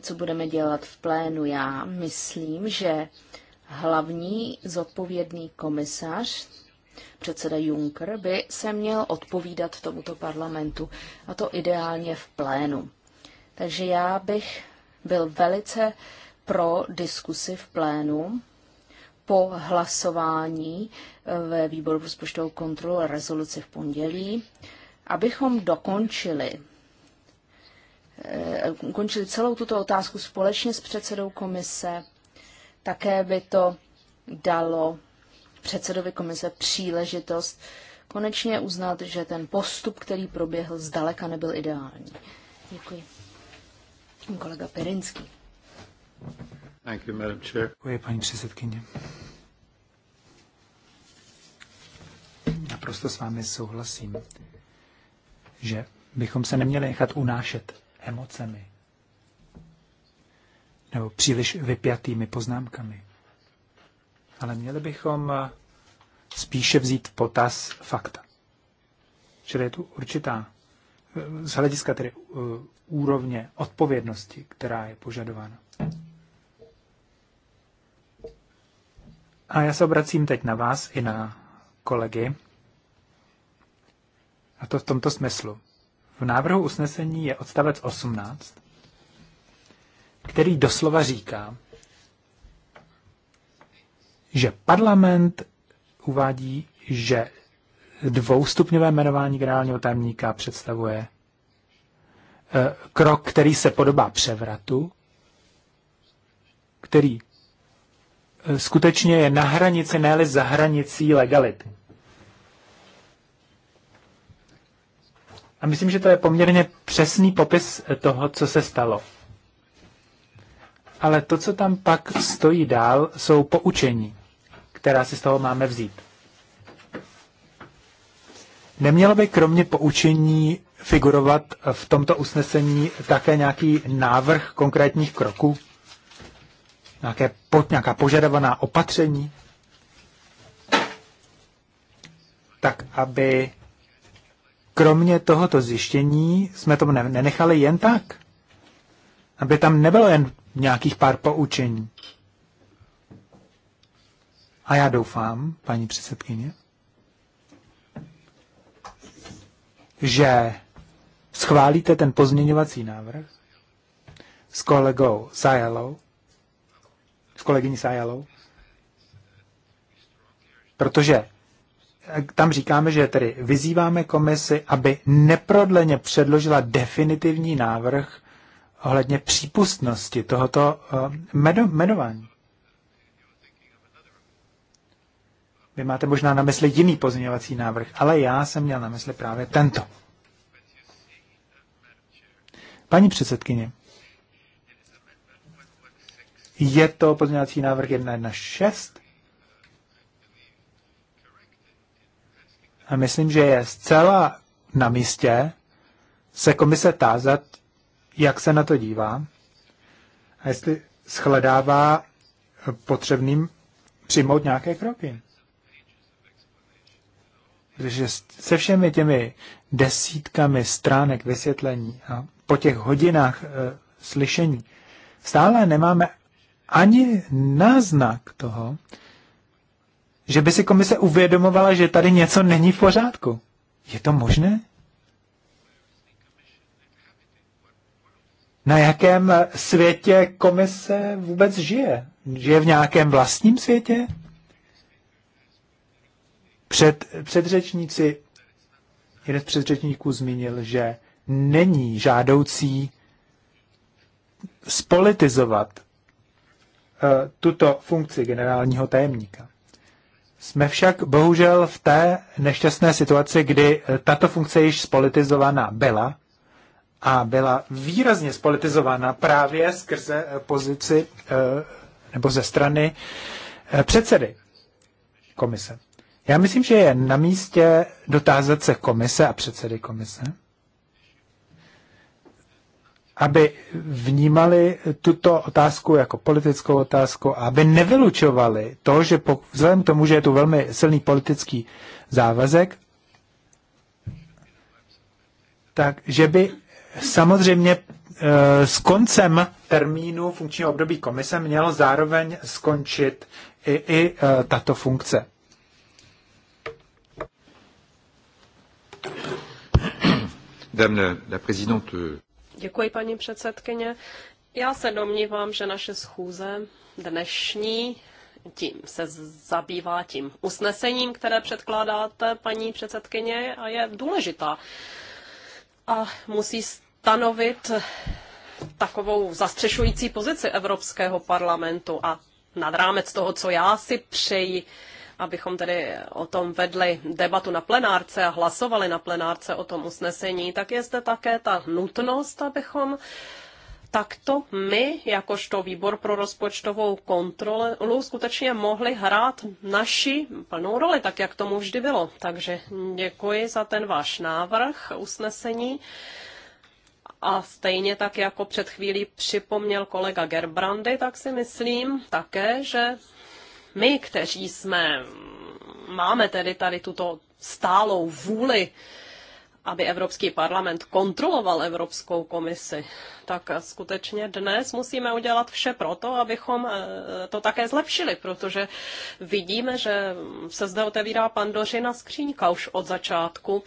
co budeme dělat v plénu. Já myslím, že hlavní zodpovědný komisař, předseda Juncker, by se měl odpovídat tomuto parlamentu, a to ideálně v plénu. Takže já bych byl velice pro diskusi v plénu po hlasování eh, ve výboru pro rozpočtovou kontrolu a rezoluci v pondělí, abychom dokončili eh, ukončili celou tuto otázku společně s předsedou komise také by to dalo předsedovi komise příležitost konečně uznat, že ten postup, který proběhl, zdaleka nebyl ideální. Děkuji. Kolega Pirinský. Děkuji, paní předsedkyně. Naprosto s vámi souhlasím, že bychom se neměli nechat unášet emocemi nebo příliš vypjatými poznámkami. Ale měli bychom eh, spíše vzít potaz fakta. Čili je tu určitá, eh, z hlediska tedy eh, úrovně odpovědnosti, která je požadována. A já se obracím teď na vás i na kolegy. A to v tomto smyslu. V návrhu usnesení je odstavec 18, který doslova říká, že parlament uvádí, že dvoustupňové jmenování generálního tajemníka představuje eh, krok, který se podobá převratu, který eh, skutečně je na hranici, ne za hranicí legality. A myslím, že to je poměrně přesný popis toho, co se stalo ale to, co tam pak stojí dál, jsou poučení, která si z toho máme vzít. Nemělo by kromě poučení figurovat v tomto usnesení také nějaký návrh konkrétních kroků? Nějaké, pod, nějaká požadovaná opatření? Tak, aby kromě tohoto zjištění jsme to nenechali jen tak. Aby tam nebylo jen nějakých pár poučení. A já doufám, paní předsedkyně, že schválíte ten pozměňovací návrh s kolegou Sajalou, s kolegyní Sajalou, protože eh, tam říkáme, že tedy vyzýváme komisi, aby neprodleně předložila definitivní návrh ohledně přípustnosti tohoto eh, jmenování. Vy máte možná na mysli jiný pozměňovací návrh, ale já jsem měl na mysli právě tento. Paní předsedkyně, je to pozměňovací návrh 116? A myslím, že je zcela na místě se komise tázat, jak se na to dívá a jestli shledává potřebným přijmout nějaké kroky. Protože se všemi těmi desítkami stránek vysvětlení a po těch hodinách e, slyšení stále nemáme ani náznak toho, že by si komise uvědomovala, že tady něco není v pořádku. Je to možné? na jakém světě komise vůbec žije. Žije v nějakém vlastním světě? Před, předřečníci, jeden z předřečníků zmínil, že není žádoucí spolitizovat eh, tuto funkci generálního tajemníka. Jsme však bohužel v té nešťastné situaci, kdy eh, tato funkce již spolitizovaná byla a byla výrazně spolitizována právě skrze eh, pozici eh, nebo ze strany eh, předsedy komise. Já myslím, že je na místě dotázat se komise a předsedy komise, aby vnímali tuto otázku jako politickou otázku a aby nevylučovali to, že po, vzhledem k tomu, že je tu velmi silný politický závazek, takže by Samozřejmě eh, s koncem termínu funkčního období komise mělo zároveň skončit i, i eh, tato funkce. Euh, Děkuji, paní předsedkyně. Já se domnívám, že naše schůze dnešní tím se zabývá tím usnesením, které předkládáte, paní předsedkyně, a je důležitá. A musí stanovit takovou zastřešující pozici Evropského parlamentu a nad rámec toho, co já si přeji, abychom tedy o tom vedli debatu na plenárce a hlasovali na plenárce o tom usnesení, tak je zde také ta nutnost, abychom takto my, jakožto výbor pro rozpočtovou kontrolu, skutečně mohli hrát naši plnou roli, tak jak tomu vždy bylo. Takže děkuji za ten váš návrh usnesení. A stejně tak, jako před chvílí připomněl kolega Gerbrandy, tak si myslím také, že my, kteří jsme, máme tedy tady tuto stálou vůli, aby Evropský parlament kontroloval Evropskou komisi, tak skutečně dnes musíme udělat vše proto, abychom eh, to také zlepšili, protože vidíme, že se zde otevírá pandořina skříňka už od začátku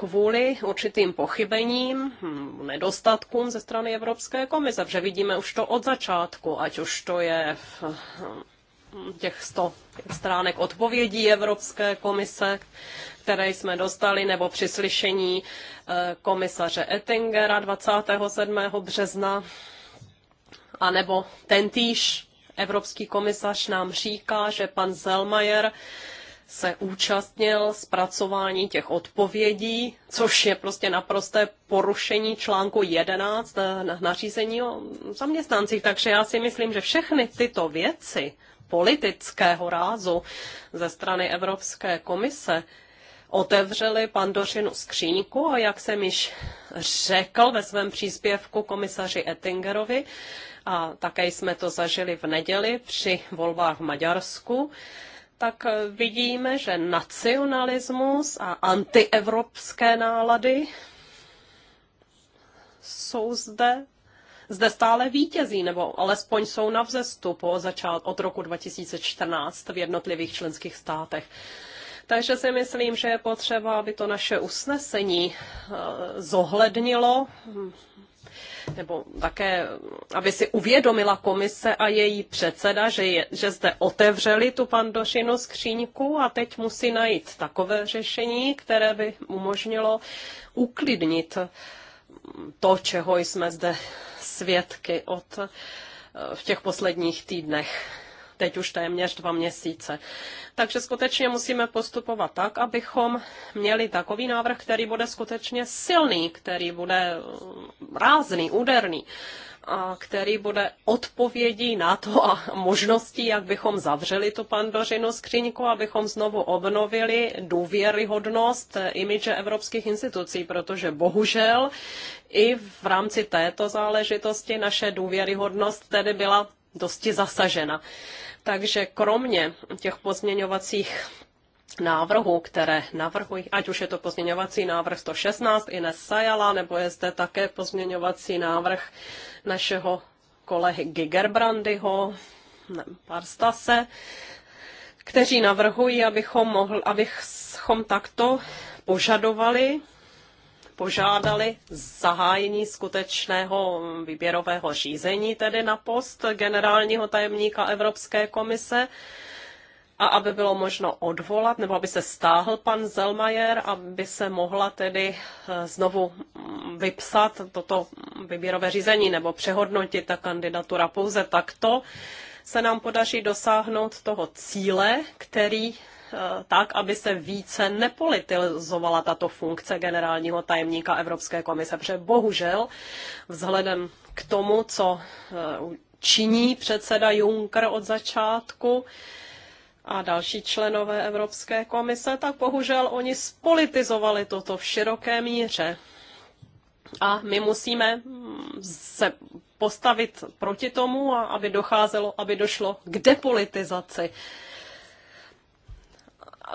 kvůli určitým pochybením, hm, nedostatkům ze strany Evropské komise, protože vidíme už to od začátku, ať už to je v hm, těch 100 stránek odpovědí Evropské komise, které jsme dostali, nebo při slyšení eh, komisaře Ettingera 27. března, anebo tentýž Evropský komisař nám říká, že pan Zellmayer se účastnil zpracování těch odpovědí, což je prostě naprosté porušení článku 11 eh, na nařízení o zaměstnancích. Takže já si myslím, že všechny tyto věci politického rázu ze strany Evropské komise otevřeli Pandořinu skříňku a jak jsem již řekl ve svém příspěvku komisaři Ettingerovi, a také jsme to zažili v neděli při volbách v Maďarsku, tak eh, vidíme, že nacionalismus a antievropské nálady jsou zde zde stále vítězí, nebo alespoň jsou na vzestupu začát od roku 2014 v jednotlivých členských státech. Takže si myslím, že je potřeba, aby to naše usnesení eh, zohlednilo hm, nebo také, aby si uvědomila komise a její předseda, že, je, že zde otevřeli tu pandošinu skříňku a teď musí najít takové řešení, které by umožnilo uklidnit to, čeho jsme zde svědky od v těch posledních týdnech teď už téměř dva měsíce. Takže skutečně musíme postupovat tak, abychom měli takový návrh, který bude skutečně silný, který bude mm, rázný, úderný a který bude odpovědí na to a možností, jak bychom zavřeli tu pandořinu skříňku, abychom znovu obnovili důvěryhodnost eh, imidže evropských institucí, protože bohužel i v rámci této záležitosti naše důvěryhodnost tedy byla dosti zasažena. Takže kromě těch pozměňovacích návrhů, které navrhují, ať už je to pozměňovací návrh 116 Ines Sajala, nebo je zde také pozměňovací návrh našeho kolegy Gigerbrandyho, Parstase, kteří navrhují, abychom, mohl, abychom takto požadovali požádali zahájení skutečného výběrového řízení, tedy na post generálního tajemníka Evropské komise a aby bylo možno odvolat, nebo aby se stáhl pan Zelmajer, aby se mohla tedy eh, znovu vypsat toto výběrové řízení nebo přehodnotit ta kandidatura pouze takto, se nám podaří dosáhnout toho cíle, který Eh, tak, aby se více nepolitizovala tato funkce generálního tajemníka Evropské komise, protože bohužel vzhledem k tomu, co eh, činí předseda Juncker od začátku, a další členové Evropské komise, tak bohužel oni spolitizovali toto v široké míře. A my musíme mm, se postavit proti tomu, aby, docházelo, aby došlo k depolitizaci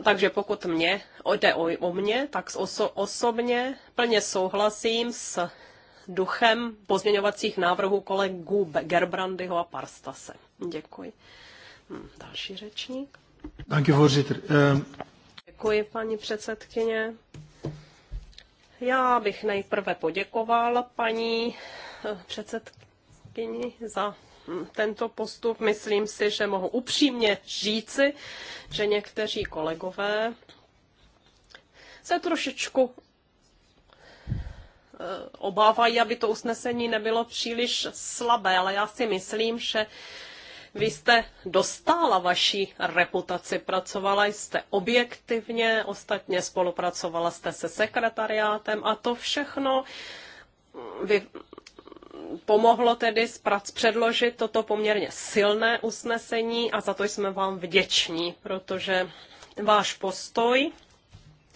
takže pokud mě jde o, o mě, tak oso, osobně plně souhlasím s duchem pozměňovacích návrhů kolegů Gerbrandyho a Parstase. Děkuji. Hm, další řečník. Danke, um, Děkuji, paní předsedkyně. Já bych nejprve poděkoval paní eh, předsedkyni za tento postup. Myslím si, že mohu upřímně říci, že někteří kolegové se trošičku eh, obávají, aby to usnesení nebylo příliš slabé, ale já si myslím, že vy jste dostala vaší reputaci, pracovala jste objektivně, ostatně spolupracovala jste se sekretariátem a to všechno vy, pomohlo tedy zprac předložit toto poměrně silné usnesení a za to jsme vám vděční, protože váš postoj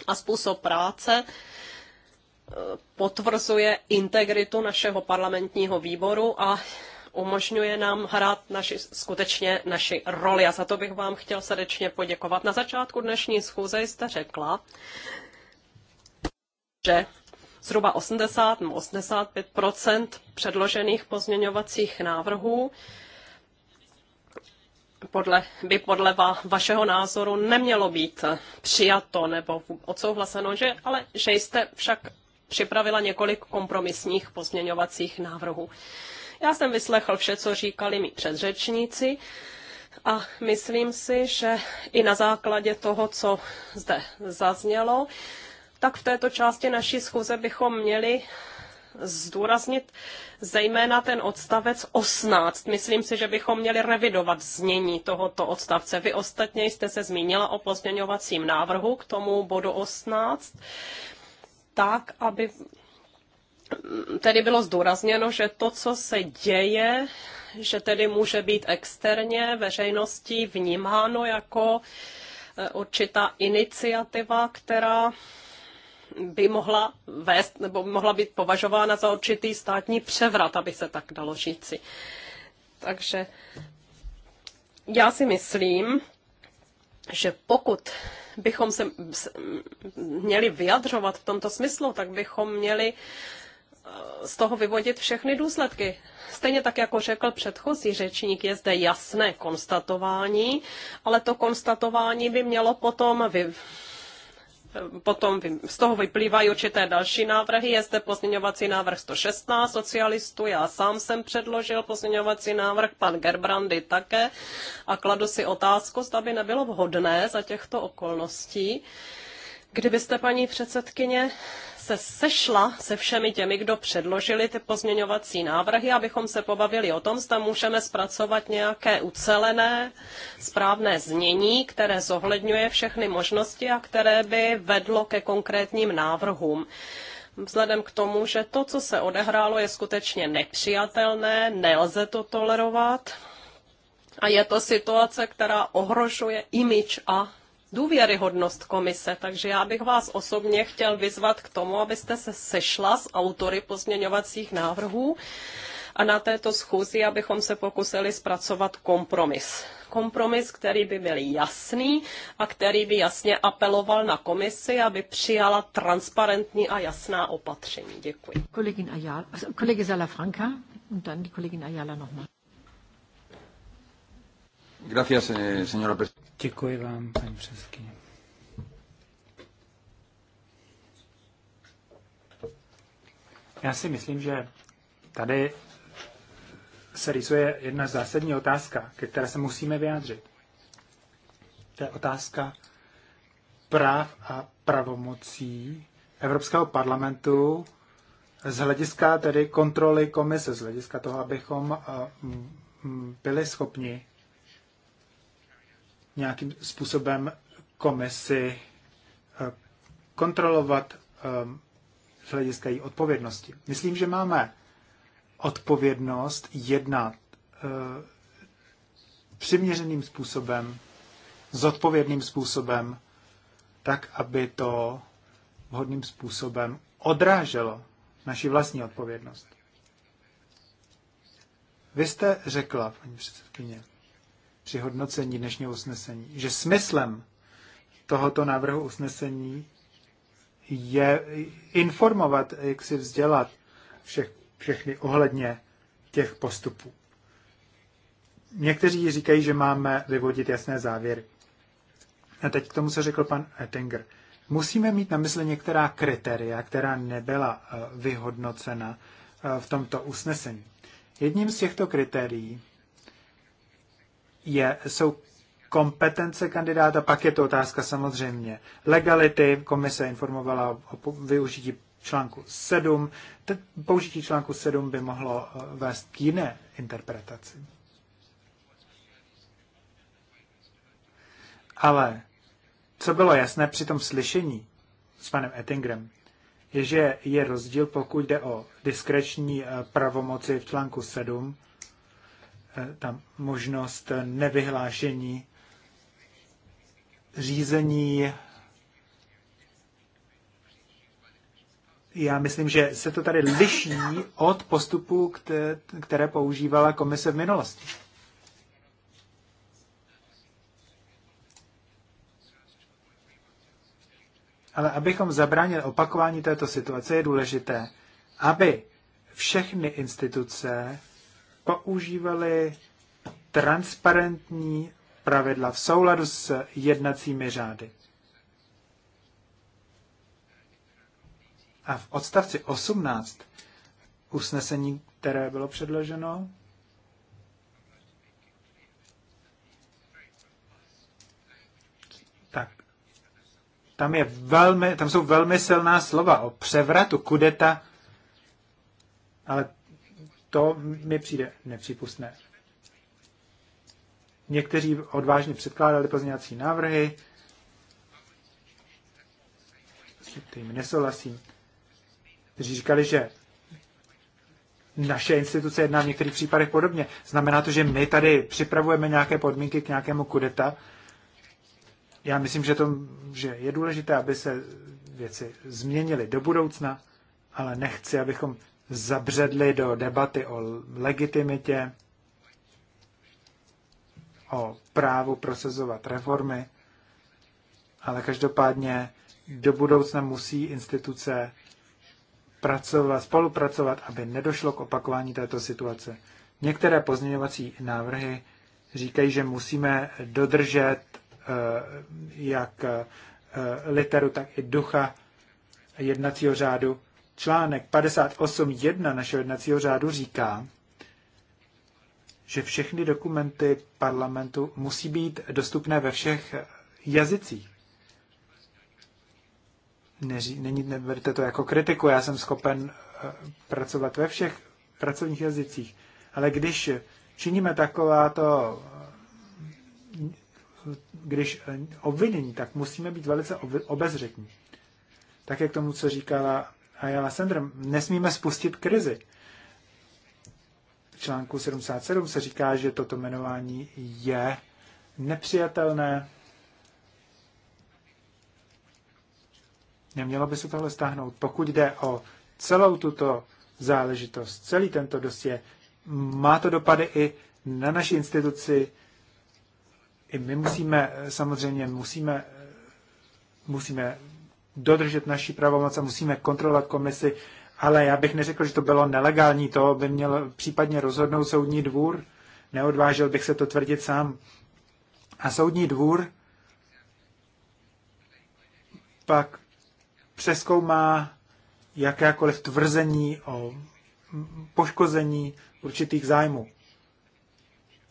a způsob práce eh, potvrzuje integritu našeho parlamentního výboru a umožňuje nám hrát naši, skutečně naši roli. A za to bych vám chtěl srdečně poděkovat. Na začátku dnešní schůze jste řekla, že zhruba 80 nebo 85 předložených pozměňovacích návrhů podle, by podle va, vašeho názoru nemělo být přijato nebo odsouhlaseno, že, ale že jste však připravila několik kompromisních pozměňovacích návrhů. Já jsem vyslechl vše, co říkali mi předřečníci a myslím si, že i na základě toho, co zde zaznělo, tak v této části naší schůze bychom měli zdůraznit zejména ten odstavec 18. Myslím si, že bychom měli revidovat znění tohoto odstavce. Vy ostatně jste se zmínila o pozměňovacím návrhu k tomu bodu 18, tak, aby tedy bylo zdůrazněno, že to, co se děje, že tedy může být externě veřejností vnímáno jako eh, určitá iniciativa, která by mohla vést nebo by mohla být považována za určitý státní převrat, aby se tak dalo říci. Takže já si myslím, že pokud bychom se měli vyjadřovat v tomto smyslu, tak bychom měli eh, z toho vyvodit všechny důsledky. Stejně tak, jako řekl předchozí řečník, je zde jasné konstatování, ale to konstatování by mělo potom vy Potom z toho vyplývají určité další návrhy. Je zde pozměňovací návrh 116 socialistů. Já sám jsem předložil pozměňovací návrh, pan Gerbrandy také. A kladu si otázku, zda by nebylo vhodné za těchto okolností, kdybyste, paní předsedkyně, se sešla se všemi těmi, kdo předložili ty pozměňovací návrhy, abychom se pobavili o tom, zda můžeme zpracovat nějaké ucelené správné znění, které zohledňuje všechny možnosti a které by vedlo ke konkrétním návrhům vzhledem k tomu, že to, co se odehrálo, je skutečně nepřijatelné, nelze to tolerovat a je to situace, která ohrožuje imič a důvěryhodnost komise. Takže já bych vás osobně chtěl vyzvat k tomu, abyste se sešla s autory pozměňovacích návrhů a na této schůzi, abychom se pokusili zpracovat kompromis. Kompromis, který by byl jasný a který by jasně apeloval na komisi, aby přijala transparentní a jasná opatření. Děkuji. Kolegin Ayala, kolegy Zalafranca, dann die Kollegin Ayala nochmal. Gracias, eh, señora Děkuji vám, paní předsedkyně. Já si myslím, že tady se rýsuje jedna zásadní otázka, ke které se musíme vyjádřit. To je otázka práv a pravomocí Evropského parlamentu z hlediska tedy kontroly komise, z hlediska toho, abychom eh, byli schopni nějakým způsobem komisi eh, kontrolovat ehm, z hlediska její odpovědnosti. Myslím, že máme odpovědnost jednat eh, přiměřeným způsobem, zodpovědným způsobem, tak, aby to vhodným způsobem odráželo naši vlastní odpovědnost. Vy jste řekla, paní předsedkyně, při hodnocení dnešního usnesení, že smyslem tohoto návrhu usnesení je informovat, jak si vzdělat všech, všechny ohledně těch postupů. Někteří říkají, že máme vyvodit jasné závěry. A teď k tomu, co řekl pan Ettinger. Musíme mít na mysli některá kritéria, která nebyla eh, vyhodnocena eh, v tomto usnesení. Jedním z těchto kritérií je, jsou kompetence kandidáta, pak je to otázka samozřejmě legality. Komise informovala o využití článku 7. použití článku 7 by mohlo eh, vést k jiné interpretaci. Ale co bylo jasné při tom slyšení s panem Ettingrem, je, že je rozdíl, pokud jde o diskreční eh, pravomoci v článku 7 Eh, tam možnost nevyhlášení řízení. Já myslím, že se to tady liší od postupu, které používala komise v minulosti. Ale abychom zabránili opakování této situace, je důležité, aby všechny instituce používali transparentní pravidla v souladu s jednacími řády. A v odstavci 18 usnesení, které bylo předloženo, tak tam, je velmi, tam jsou velmi silná slova o převratu kudeta, ale to mi přijde nepřípustné. Někteří odvážně předkládali pozměňovací návrhy, s kterými nesouhlasím, kteří říkali, že naše instituce jedná v některých případech podobně. Znamená to, že my tady připravujeme nějaké podmínky k nějakému kudeta. Já myslím, že, to, že je důležité, aby se věci změnily do budoucna, ale nechci, abychom zabředli do debaty o legitimitě, o právu prosazovat reformy, ale každopádně do budoucna musí instituce pracovat, spolupracovat, aby nedošlo k opakování této situace. Některé pozměňovací návrhy říkají, že musíme dodržet eh, jak eh, literu, tak i ducha jednacího řádu článek 58.1 našeho jednacího řádu říká, že všechny dokumenty parlamentu musí být dostupné ve všech jazycích. Neří, není, neberte to jako kritiku, já jsem schopen eh, pracovat ve všech pracovních jazycích. Ale když činíme takováto, když obvinění, tak musíme být velice obezřetní. Tak jak tomu, co říkala Ayala nesmíme spustit krizi. V článku 77 se říká, že toto jmenování je nepřijatelné. Nemělo by se tohle stáhnout. Pokud jde o celou tuto záležitost, celý tento dosě, má to dopady i na naši instituci. I my musíme, samozřejmě musíme, musíme dodržet naší pravomoc a musíme kontrolovat komisi, ale já bych neřekl, že to bylo nelegální, to by měl případně rozhodnout soudní dvůr, neodvážil bych se to tvrdit sám. A soudní dvůr pak přeskoumá jakékoliv tvrzení o poškození určitých zájmů.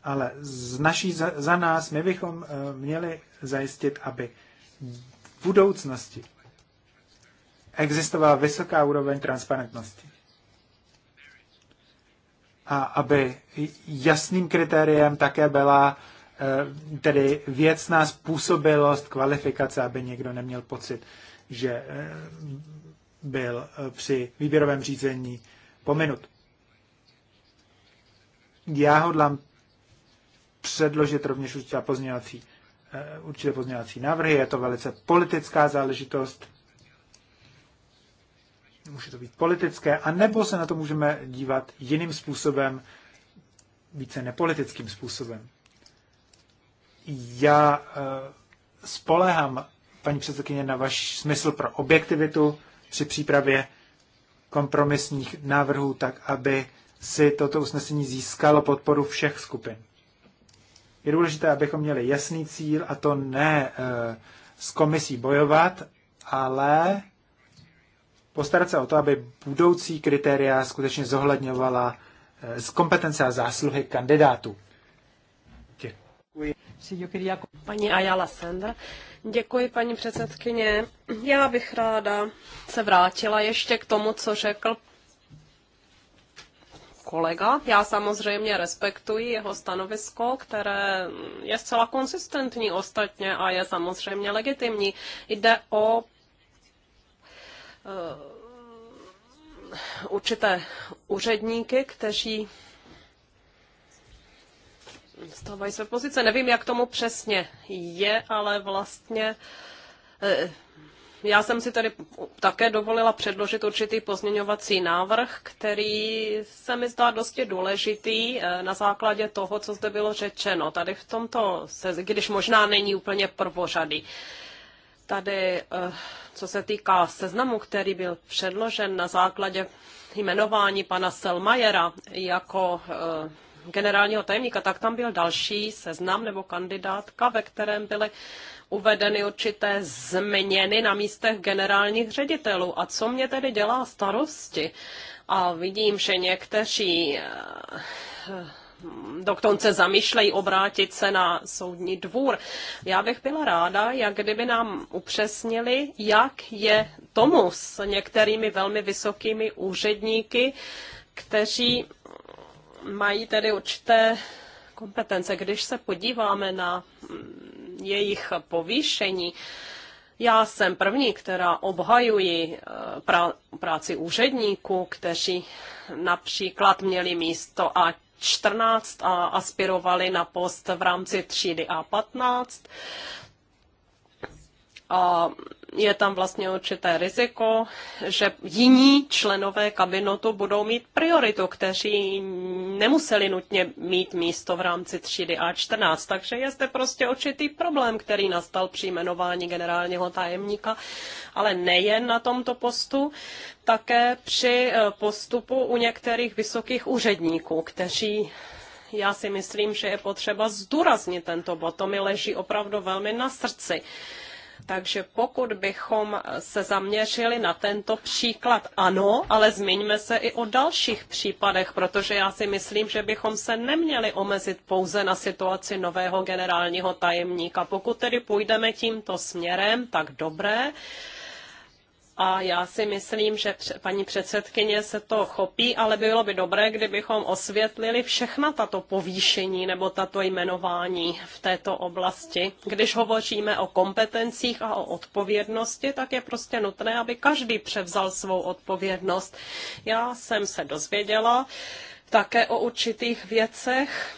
Ale z naší, za, za nás my bychom eh, měli zajistit, aby v budoucnosti existovala vysoká úroveň transparentnosti. A aby jasným kritériem také byla eh, tedy věcná způsobilost kvalifikace, aby někdo neměl pocit, že eh, byl eh, při výběrovém řízení pominut. Já hodlám předložit rovněž určitě pozměňovací, pozměňovací návrhy. Je to velice politická záležitost může to být politické, a nebo se na to můžeme dívat jiným způsobem, více nepolitickým způsobem. Já eh, spolehám, paní předsedkyně, na váš smysl pro objektivitu při přípravě kompromisních návrhů, tak aby si toto usnesení získalo podporu všech skupin. Je důležité, abychom měli jasný cíl, a to ne e, s komisí bojovat, ale postarat se o to, aby budoucí kritéria skutečně zohledňovala eh, z kompetence a zásluhy kandidátů. Děkuji. Paní Ayala Sender. Děkuji, paní předsedkyně. Já bych ráda se vrátila ještě k tomu, co řekl kolega. Já samozřejmě respektuji jeho stanovisko, které je zcela konsistentní ostatně a je samozřejmě legitimní. Jde o Eh, určité úředníky, kteří stávají své pozice. Nevím, jak tomu přesně je, ale vlastně eh, já jsem si tady také dovolila předložit určitý pozměňovací návrh, který se mi zdá dosti důležitý eh, na základě toho, co zde bylo řečeno. Tady v tomto, když možná není úplně prvořady. Tady, eh, co se týká seznamu, který byl předložen na základě jmenování pana Selmajera jako eh, generálního tajemníka, tak tam byl další seznam nebo kandidátka, ve kterém byly uvedeny určité změny na místech generálních ředitelů. A co mě tedy dělá starosti? A vidím, že někteří eh, Hm, dokonce zamišlejí obrátit se na soudní dvůr. Já bych byla ráda, jak kdyby nám upřesnili, jak je tomu s některými velmi vysokými úředníky, kteří mají tedy určité kompetence. Když se podíváme na hm, jejich povýšení, já jsem první, která obhajuji eh, práci úředníků, kteří například měli místo a 14 a aspirovali na post v rámci třídy A15. A je tam vlastně určité riziko, že jiní členové kabinetu budou mít prioritu, kteří nemuseli nutně mít místo v rámci třídy A14. Takže je zde prostě určitý problém, který nastal při jmenování generálního tajemníka, ale nejen na tomto postu, také při eh, postupu u některých vysokých úředníků, kteří já si myslím, že je potřeba zdůraznit tento bod. To mi leží opravdu velmi na srdci takže pokud bychom se zaměřili na tento příklad, ano, ale zmiňme se i o dalších případech, protože já si myslím, že bychom se neměli omezit pouze na situaci nového generálního tajemníka. Pokud tedy půjdeme tímto směrem, tak dobré a já si myslím, že paní předsedkyně se to chopí, ale bylo by dobré, kdybychom osvětlili všechna tato povýšení nebo tato jmenování v této oblasti. Když hovoříme o kompetencích a o odpovědnosti, tak je prostě nutné, aby každý převzal svou odpovědnost. Já jsem se dozvěděla také o určitých věcech,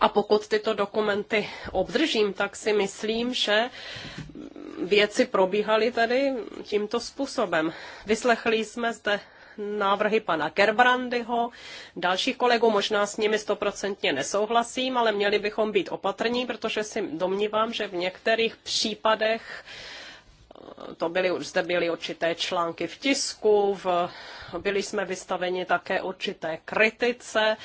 a pokud tyto dokumenty obdržím, tak si myslím, že věci probíhaly tady tímto způsobem. Vyslechli jsme zde návrhy pana Gerbrandyho, dalších kolegů, možná s nimi stoprocentně nesouhlasím, ale měli bychom být opatrní, protože si domnívám, že v některých případech eh, to byly, zde byly určité články v tisku, v, byli jsme vystaveni také určité kritice,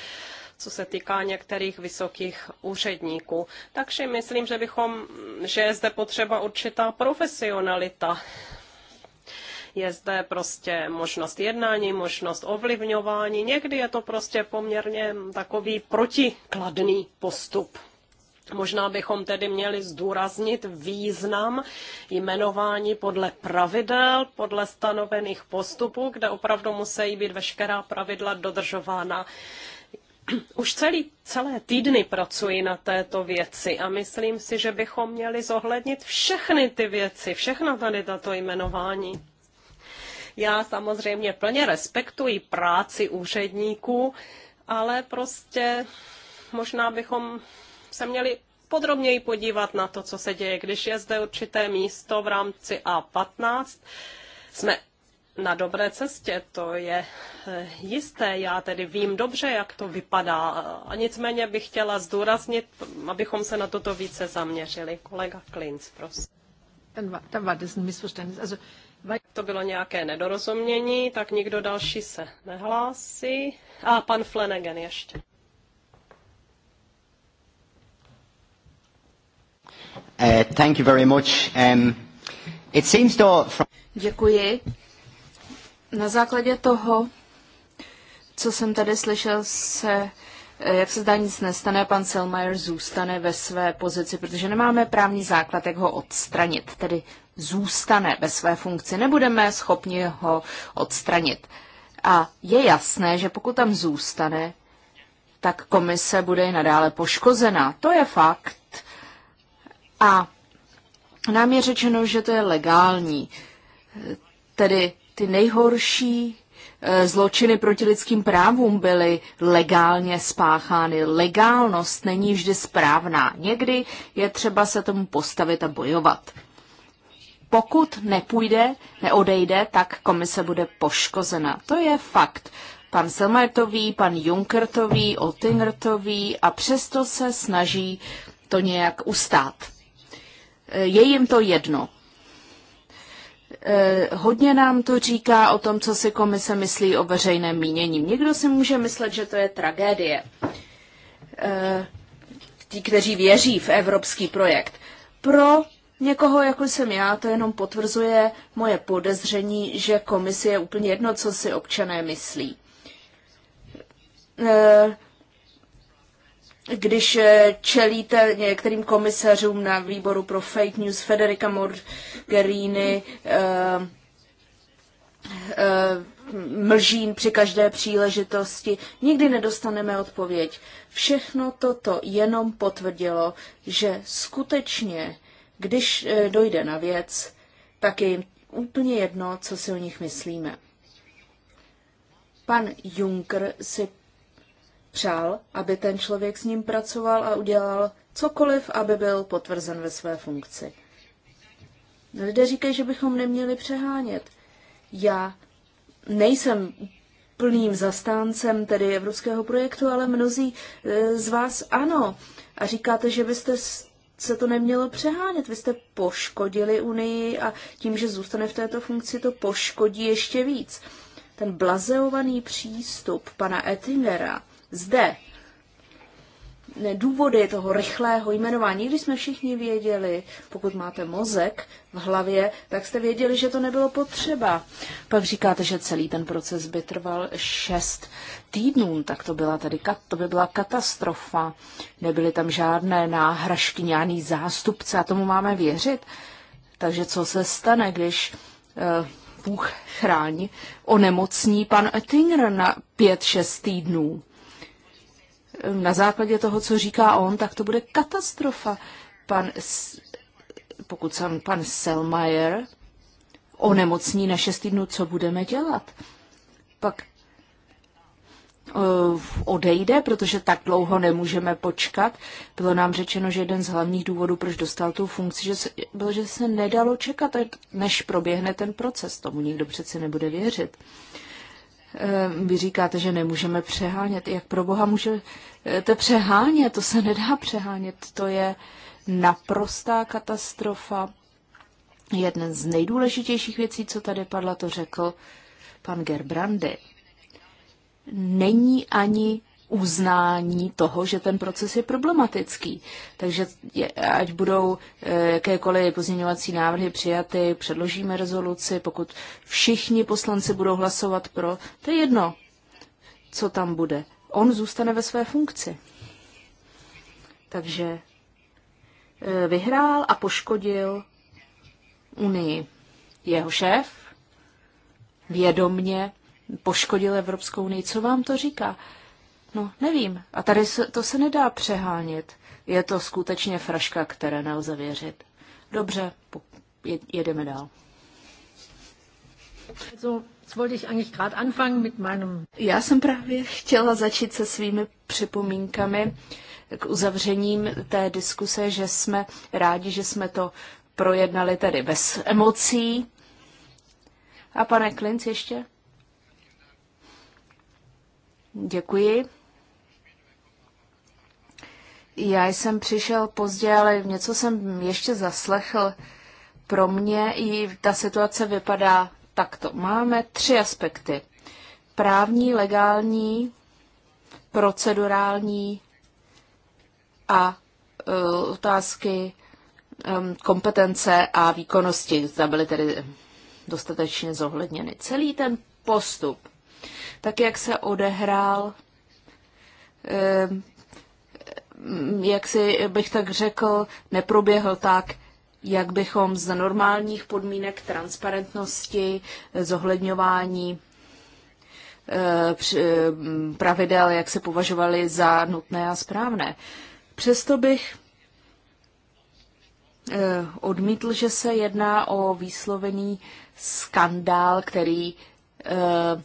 co se týká některých vysokých úředníků. Takže myslím, že bychom, že je zde potřeba určitá profesionalita je zde prostě možnost jednání, možnost ovlivňování. Někdy je to prostě poměrně takový protikladný postup. Možná bychom tedy měli zdůraznit význam jmenování podle pravidel, podle stanovených postupů, kde opravdu musí být veškerá pravidla dodržována. Už celý, celé týdny pracuji na této věci a myslím si, že bychom měli zohlednit všechny ty věci, všechna tady tato jmenování. Já samozřejmě plně respektuji práci úředníků, ale prostě možná bychom se měli podrobněji podívat na to, co se děje, když je zde určité místo v rámci A15. Jsme na dobré cestě, to je eh, jisté. Já tedy vím dobře, jak to vypadá. A nicméně bych chtěla zdůraznit, abychom se na toto více zaměřili. Kolega Klinc, prosím. to bylo nějaké nedorozumění, tak nikdo další se nehlásí. A pan Flanagan ještě. Uh, thank you very much. Um, it seems though Děkuji. Na základě toho, co jsem tady slyšel, se, eh, jak se zdá, nic nestane, pan Selmayr zůstane ve své pozici, protože nemáme právní základ, jak ho odstranit, tedy zůstane ve své funkci, nebudeme schopni ho odstranit. A je jasné, že pokud tam zůstane, tak komise bude i nadále poškozená. To je fakt. A nám je řečeno, že to je legální. Tedy ty nejhorší eh, zločiny proti lidským právům byly legálně spáchány. Legálnost není vždy správná. Někdy je třeba se tomu postavit a bojovat. Pokud nepůjde, neodejde, tak komise bude poškozena. To je fakt. Pan Selmer to ví, pan Juncker to ví, Oettinger to ví a přesto se snaží to nějak ustát. Eh, je jim to jedno. Eh, hodně nám to říká o tom, co si komise myslí o veřejném mínění. Někdo si může myslet, že to je tragédie. Eh, ti, kteří věří v evropský projekt. Pro někoho, jako jsem já, to jenom potvrzuje moje podezření, že Komise je úplně jedno, co si občané myslí eh, když eh, čelíte některým komisařům na výboru pro fake news, Federica Morgherini, eh, eh, mlžín při každé příležitosti, nikdy nedostaneme odpověď. Všechno toto jenom potvrdilo, že skutečně, když dojde na věc, tak je jim úplně jedno, co si o nich myslíme. Pan Juncker si přál, aby ten člověk s ním pracoval a udělal cokoliv, aby byl potvrzen ve své funkci. Lidé říkají, že bychom neměli přehánět. Já nejsem plným zastáncem tedy evropského projektu, ale mnozí e, z vás ano. A říkáte, že byste se to nemělo přehánět. Vy jste poškodili Unii a tím, že zůstane v této funkci, to poškodí ještě víc. Ten blazeovaný přístup pana Ettingera zde důvody toho rychlého jmenování, když jsme všichni věděli, pokud máte mozek v hlavě, tak jste věděli, že to nebylo potřeba. Pak říkáte, že celý ten proces by trval šest týdnů, tak to, byla tady, to by byla katastrofa. Nebyly tam žádné náhražky, žádný zástupce a tomu máme věřit. Takže co se stane, když uh, Bůh chrání, onemocní pan Oettinger na pět, šest týdnů? na základě toho, co říká on, tak to bude katastrofa. Pan, pokud jsem pan Selmayr onemocní na šest týdnů, co budeme dělat? Pak eh, odejde, protože tak dlouho nemůžeme počkat. Bylo nám řečeno, že jeden z hlavních důvodů, proč dostal tu funkci, že se, byl, že se nedalo čekat, než proběhne ten proces. Tomu nikdo přeci nebude věřit. Eh, vy říkáte, že nemůžeme přehánět. Jak pro Boha můžete přehánět? To se nedá přehánět. To je naprostá katastrofa. Jeden z nejdůležitějších věcí, co tady padla, to řekl pan Gerbrandy. Není ani uznání toho, že ten proces je problematický. Takže ať budou eh, jakékoliv pozměňovací návrhy přijaty, předložíme rezoluci, pokud všichni poslanci budou hlasovat pro, to je jedno, co tam bude. On zůstane ve své funkci. Takže eh, vyhrál a poškodil Unii. Jeho šéf vědomně poškodil Evropskou unii. Co vám to říká? No, nevím. A tady se, to se nedá přehánět. Je to skutečně fraška, které nelze věřit. Dobře, po, jedeme dál. Also, wollte ich eigentlich gerade anfangen mit meinem... Já jsem právě chtěla začít se svými připomínkami k uzavřením té diskuse, že jsme rádi, že jsme to projednali tedy bez emocí. A pane Klinc ještě? Děkuji. Já jsem přišel pozdě, ale něco jsem ještě zaslechl. Pro mě i ta situace vypadá takto. Máme tři aspekty. Právní, legální, procedurální a uh, otázky um, kompetence a výkonnosti, zda byly tedy dostatečně zohledněny. Celý ten postup, tak jak se odehrál, um, Mm, jak si bych tak řekl, neproběhl tak, jak bychom z normálních podmínek transparentnosti, zohledňování eh, mm, pravidel, jak se považovali za nutné a správné. Přesto bych eh, odmítl, že se jedná o výslovený skandál, který eh,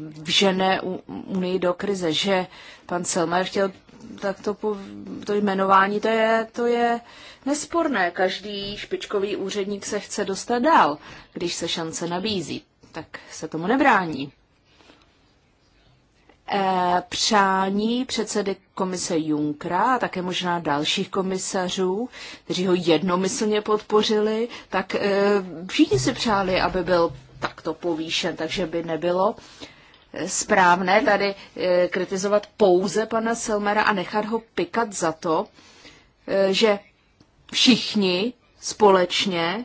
vžené eh, Unii do krize, že pan Selmer chtěl tak to, to jmenování, to je, to je nesporné. Každý špičkový úředník se chce dostat dál, když se šance nabízí. Tak se tomu nebrání. E, přání předsedy komise Junkra a také možná dalších komisařů, kteří ho jednomyslně podpořili, tak e, všichni si přáli, aby byl takto povýšen, takže by nebylo správné tady eh, kritizovat pouze pana Selmera a nechat ho pikat za to, eh, že všichni společně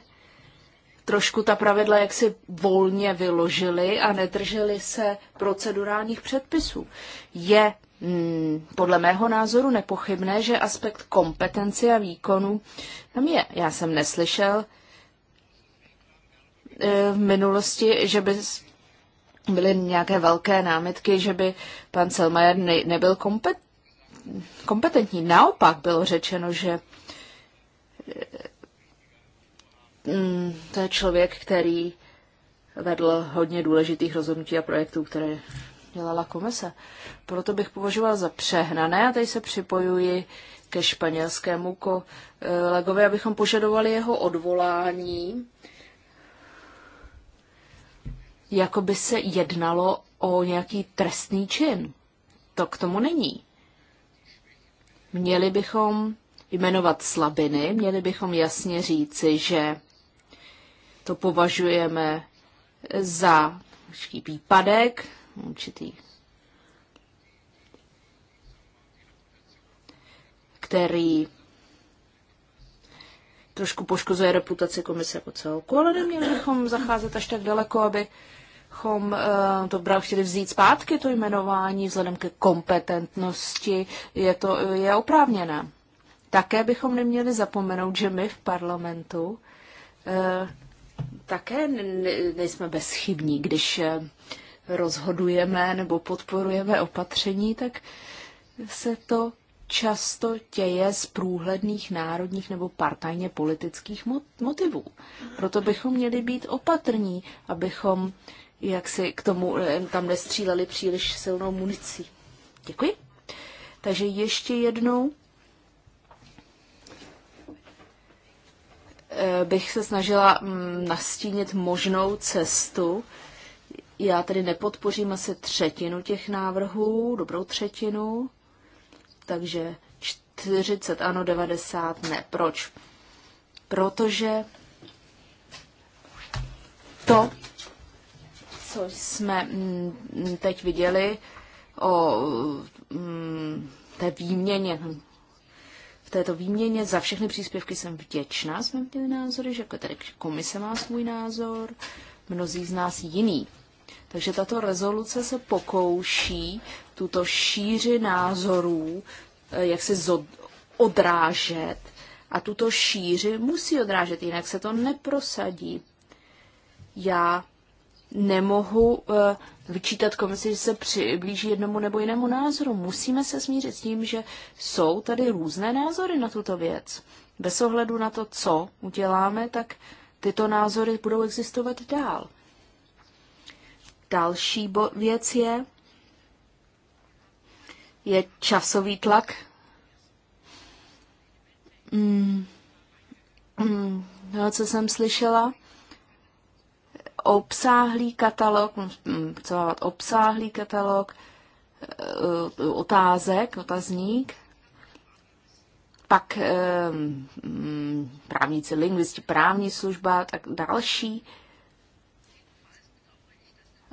trošku ta pravidla jaksi volně vyložili a nedrželi se procedurálních předpisů. Je mm, podle mého názoru nepochybné, že aspekt kompetenci a výkonu tam je. Já jsem neslyšel v minulosti, že by byly nějaké velké námitky, že by pan Selmayr ne, nebyl kompet, kompetentní. Naopak bylo řečeno, že eh, mm, to je člověk, který vedl hodně důležitých rozhodnutí a projektů, které dělala komise. Proto bych považoval za přehnané a tady se připojuji ke španělskému kolegovi, abychom požadovali jeho odvolání jako by se jednalo o nějaký trestný čin. To k tomu není. Měli bychom jmenovat slabiny, měli bychom jasně říci, že to považujeme za výpadek, určitý, který trošku poškozuje reputaci komise jako celku, ale neměli bychom zacházet až tak daleko, aby bychom eh, to bral chtěli vzít zpátky, to jmenování, vzhledem ke kompetentnosti, je to je oprávněné. Také bychom neměli zapomenout, že my v parlamentu eh, také nejsme bezchybní, když eh, rozhodujeme nebo podporujeme opatření, tak se to často těje z průhledných národních nebo partajně politických motivů. Proto bychom měli být opatrní, abychom uh, jak si k tomu eh, tam nestříleli příliš silnou municí. Děkuji. Takže ještě jednou eh, bych se snažila mm, nastínit možnou cestu. Já tedy nepodpořím asi třetinu těch návrhů, dobrou třetinu, takže 40 ano, 90 ne. Proč? Protože to co jsme mm, teď viděli o mm, té výměně, v této výměně za všechny příspěvky jsem vděčná, jsme měli názory, že tady komise má svůj názor, mnozí z nás jiný. Takže tato rezoluce se pokouší tuto šíři názorů, eh, jak se odrážet a tuto šíři musí odrážet, jinak se to neprosadí. Já nemohu eh, vyčítat komisi, že se přiblíží jednomu nebo jinému názoru. Musíme se smířit s tím, že jsou tady různé názory na tuto věc. Bez ohledu na to, co uděláme, tak tyto názory budou existovat dál. Další věc je, je časový tlak. Mm, mm, no, co jsem slyšela, obsáhlý katalog, zpracovávat obsáhlý katalog eh, otázek, otazník. Pak eh, mm, právníci, lingvisti, právní služba, tak další.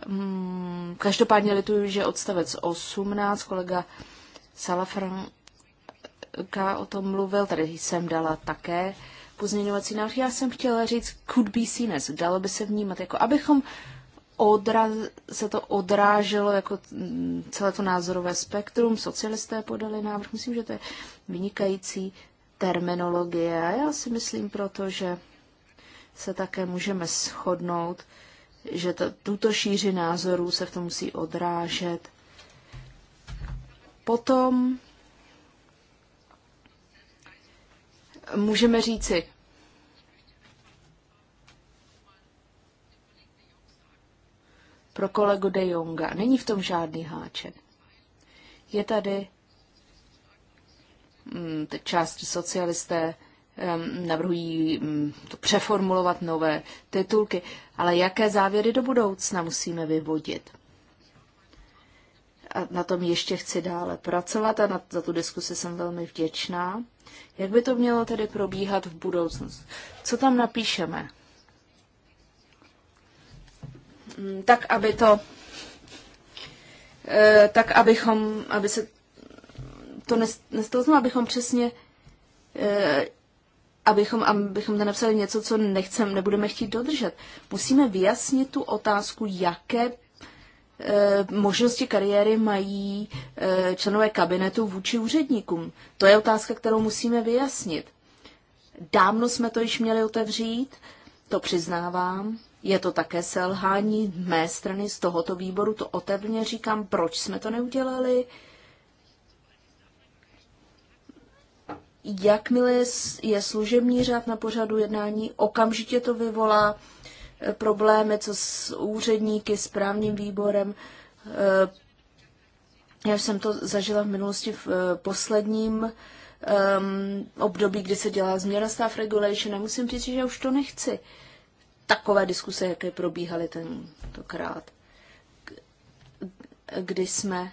Mm, každopádně lituju, že odstavec 18, kolega Salafranka o tom mluvil, tady jsem dala také pozměňovací návrh. Já jsem chtěla říct could be seen as, dalo by se vnímat, jako abychom odraz, se to odráželo jako mm, celé to názorové spektrum, socialisté podali návrh, myslím, že to je vynikající terminologie a já si myslím proto, že se také můžeme shodnout, že to, tuto šíři názorů se v tom musí odrážet. Potom můžeme říci, pro kolegu de Jonga. Není v tom žádný háček. Je tady mm, teď část socialisté navrhují mm, to přeformulovat nové titulky, ale jaké závěry do budoucna musíme vyvodit? a na tom ještě chci dále pracovat a na, za tu diskusi jsem velmi vděčná. Jak by to mělo tedy probíhat v budoucnosti? Co tam napíšeme? Mm, tak, aby to, eh, tak abychom, aby se to nestalo znamená, abychom přesně, eh, abychom, abychom tam napsali něco, co nechcem, nebudeme chtít dodržet. Musíme vyjasnit tu otázku, jaké Eh, možnosti kariéry mají eh, členové kabinetu vůči úředníkům? To je otázka, kterou musíme vyjasnit. Dávno jsme to již měli otevřít, to přiznávám. Je to také selhání mé strany z tohoto výboru, to otevřeně říkám, proč jsme to neudělali. Jakmile je služební řád na pořadu jednání, okamžitě to vyvolá problémy, co s úředníky, s právním výborem. Eh, já jsem to zažila v minulosti v eh, posledním ehm, období, kdy se dělá změna staff regulation a musím říct, že už to nechci. Takové diskuse, jaké probíhaly tentokrát, kdy jsme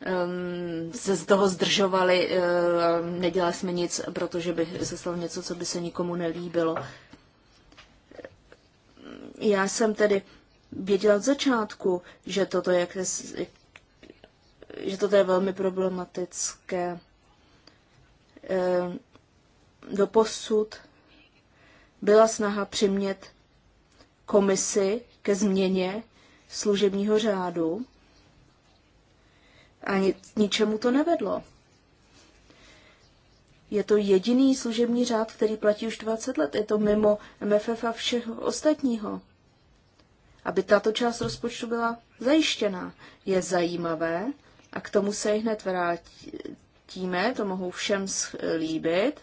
ehm, se z toho zdržovali, eh, nedělali jsme nic, protože by se stalo něco, co by se nikomu nelíbilo já jsem tedy věděla od začátku, že toto je, že toto je velmi problematické. Ehm, doposud byla snaha přimět komisi ke změně služebního řádu a ničemu to nevedlo. Je to jediný služební řád, který platí už 20 let. Je to mimo MFF a všeho ostatního. Aby tato část rozpočtu byla zajištěná, je zajímavé a k tomu se hned vrátíme, to mohu všem líbit.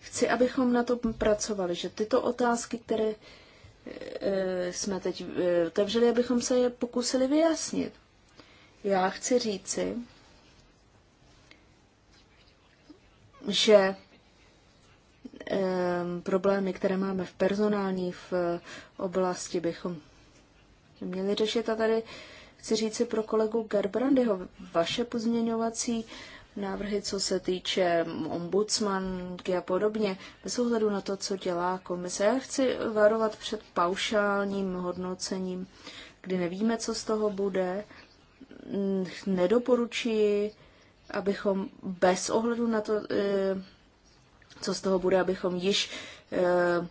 Chci, abychom na to pracovali, že tyto otázky, které Eh, jsme teď eh, otevřeli, abychom se je pokusili vyjasnit. Já chci říci, že ehm, problémy, které máme v personální v eh, oblasti, bychom měli řešit. A tady chci říci pro kolegu Gerbrandyho, vaše pozměňovací návrhy, co se týče ombudsmanky a podobně, bez ohledu na to, co dělá komise. Já chci varovat před paušálním hodnocením, kdy nevíme, co z toho bude. Nedoporučuji, abychom bez ohledu na to, eh, co z toho bude, abychom již eh,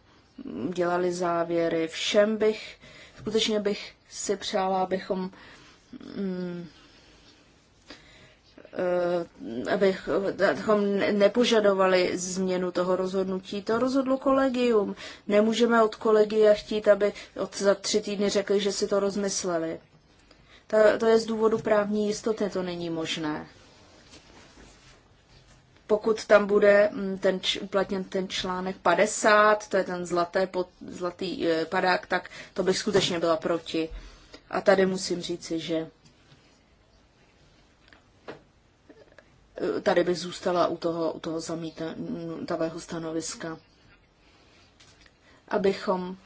dělali závěry. Všem bych, skutečně bych si přála, abychom mm, Eh, abychom nepožadovali změnu toho rozhodnutí. To rozhodlo kolegium. Nemůžeme od kolegia chtít, aby od za tři týdny řekli, že si to rozmysleli. To, to je z důvodu právní jistoty, to není možné. Pokud tam bude mm, ten, uplatněn ten článek 50, to je ten zlaté, pod, zlatý eh, padák, tak to bych skutečně byla proti. A tady musím říci, že tady bych zůstala u toho, u toho zamítavého stanoviska, abychom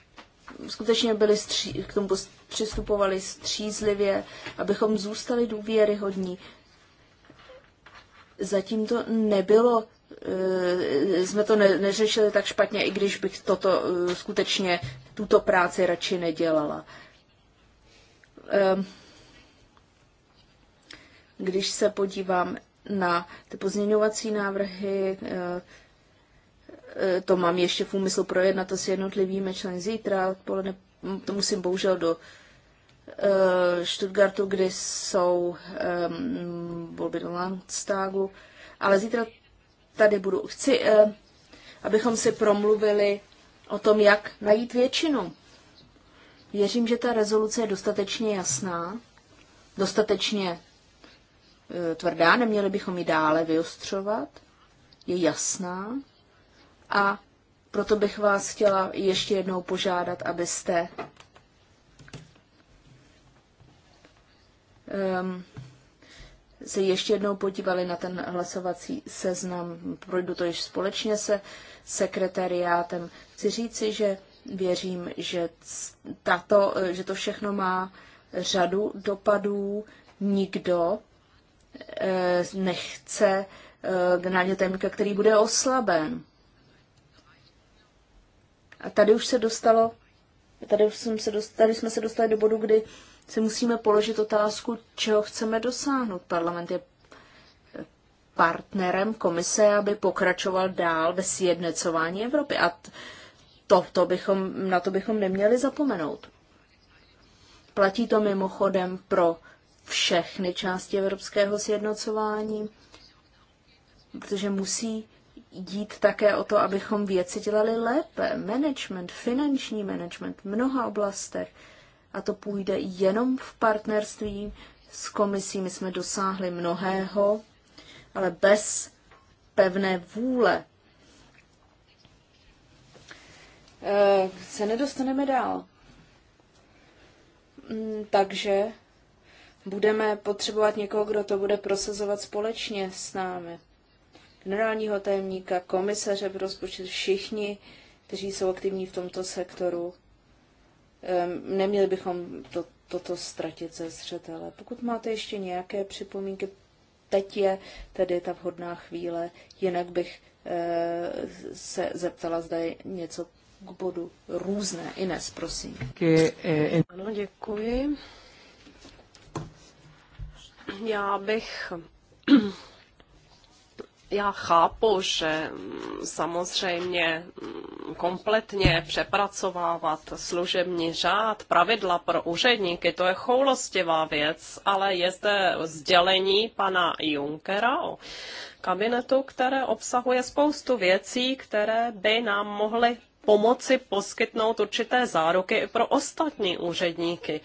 skutečně byli stří, k tomu přistupovali střízlivě, abychom zůstali důvěryhodní. Zatím to nebylo, eh, jsme to neřešili tak špatně, i když bych toto eh, skutečně, tuto práci radši nedělala. Ehm, když se podívám na ty pozměňovací návrhy. Eh, eh, to mám ještě v úmyslu projednat to s jednotlivými členy zítra. Odpoledne to musím bohužel do eh, Stuttgartu, kdy jsou ehm, volby do Landstagu. Ale zítra tady budu. Chci, abychom si promluvili o tom, jak najít většinu. Věřím, že ta rezoluce je dostatečně jasná, dostatečně Eh, tvrdá, neměli bychom ji dále vyostřovat, je jasná a proto bych vás chtěla ještě jednou požádat, abyste um, se ještě jednou podívali na ten hlasovací seznam. Projdu to již společně se sekretariátem. Chci říci, že věřím, že, tato, že to všechno má řadu dopadů. Nikdo Eh, nechce eh, generálního tajemníka, který bude oslaben. A tady už se dostalo, tady, už jsem se dostali, tady jsme se dostali do bodu, kdy si musíme položit otázku, čeho chceme dosáhnout. Parlament je partnerem komise, aby pokračoval dál ve sjednocování Evropy. A to, to bychom, na to bychom neměli zapomenout. Platí to mimochodem pro všechny části evropského sjednocování, protože musí jít také o to, abychom věci dělali lépe. Management, finanční management v mnoha oblastech. A to půjde jenom v partnerství s komisí. My jsme dosáhli mnohého, ale bez pevné vůle eh, se nedostaneme dál. Mm, takže budeme potřebovat někoho, kdo to bude prosazovat společně s námi. Generálního tajemníka, komisaře pro rozpočet, všichni, kteří jsou aktivní v tomto sektoru. Ehm, neměli bychom to, toto ztratit ze zřetele. Pokud máte ještě nějaké připomínky, teď je tedy ta vhodná chvíle, jinak bych eh, se zeptala, zda je něco k bodu různé. Ines, prosím. Eh, ano, děkuji. Já bych já chápu, že mm, samozřejmě mm, kompletně přepracovávat služební řád, pravidla pro úředníky, to je choulostivá věc, ale je zde sdělení pana Junkera o kabinetu, které obsahuje spoustu věcí, které by nám mohly pomoci poskytnout určité záruky i pro ostatní úředníky.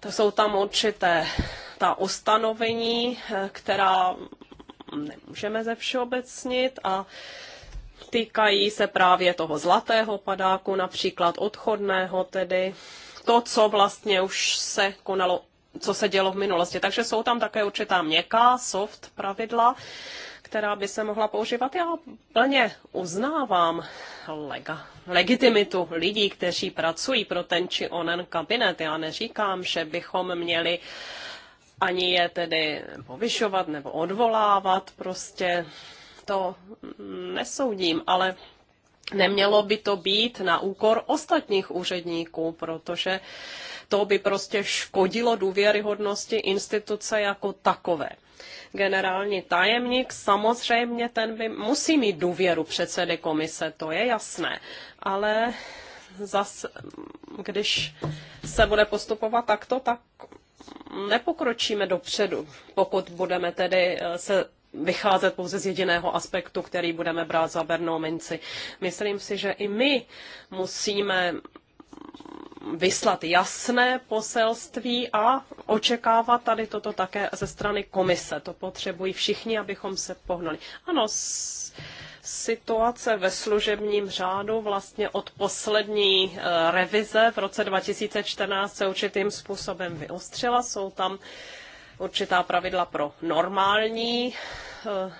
To jsou tam určité ta ustanovení, eh, která nemůžeme ze všeobecnit a týkají se právě toho zlatého padáku, například odchodného, tedy to, co vlastně už se konalo, co se dělo v minulosti. Takže jsou tam také určitá měkká, soft pravidla, která by se mohla používat. Já plně uznávám lega, legitimitu lidí, kteří pracují pro ten či onen kabinet. Já neříkám, že bychom měli uh, ani je tedy povyšovat nebo odvolávat, prostě to nesoudím, ale nemělo by to být na úkor ostatních úředníků, protože to by prostě škodilo důvěryhodnosti instituce jako takové. Generální tajemník samozřejmě ten by musí mít důvěru předsedy komise, to je jasné, ale zas, když se bude postupovat takto, tak nepokročíme dopředu, pokud budeme tedy eh, se vycházet pouze z jediného aspektu, který budeme brát za bernou minci. Myslím si, že i my musíme vyslat jasné poselství a očekávat tady toto také ze strany komise. To potřebují všichni, abychom se pohnuli. Ano, situace ve služebním řádu vlastně od poslední e, revize v roce 2014 se určitým způsobem vyostřila. Jsou tam určitá pravidla pro normální e,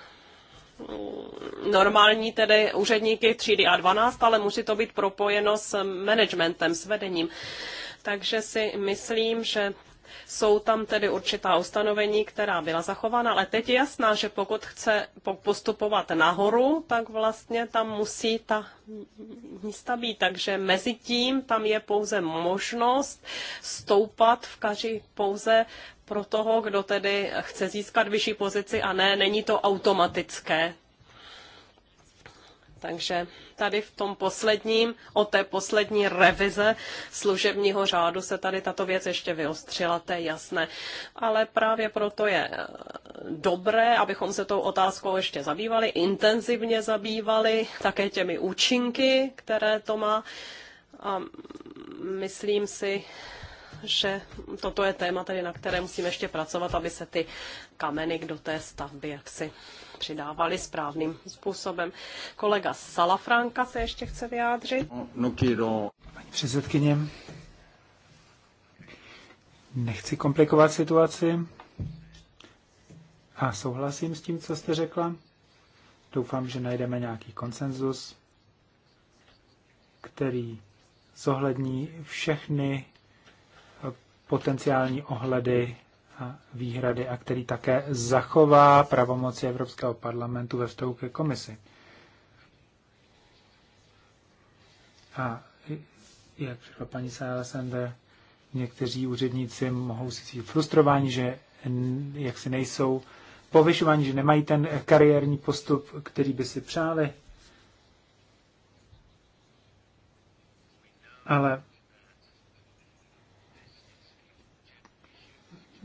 normální tedy úředníky třídy A12, ale musí to být propojeno s managementem, s vedením. Takže si myslím, že jsou tam tedy určitá ustanovení, která byla zachována, ale teď je jasná, že pokud chce postupovat nahoru, tak vlastně tam musí ta místa být. Takže mezi tím tam je pouze možnost stoupat v kaři pouze pro toho, kdo tedy chce získat vyšší pozici a ne, není to automatické. Takže tady v tom posledním, o té poslední revize služebního řádu se tady tato věc ještě vyostřila, to je jasné. Ale právě proto je eh, dobré, abychom se tou otázkou ještě zabývali, intenzivně zabývali, také těmi účinky, které to má. A myslím si, že toto je téma, tedy na které musíme ještě pracovat, aby se ty kameny do té stavby jaksi přidávali správným způsobem. Kolega Salafranka se ještě chce vyjádřit. No, no Paní předsedkyně, nechci komplikovat situaci a souhlasím s tím, co jste řekla. Doufám, že najdeme nějaký konsenzus, který zohlední všechny potenciální ohledy a výhrady a který také zachová pravomoci Evropského parlamentu ve vztahu ke komisi. A jak řekla paní Sálesander, někteří úředníci mohou si cítit frustrováni, že jak si nejsou povyšováni, že nemají ten kariérní postup, který by si přáli. Ale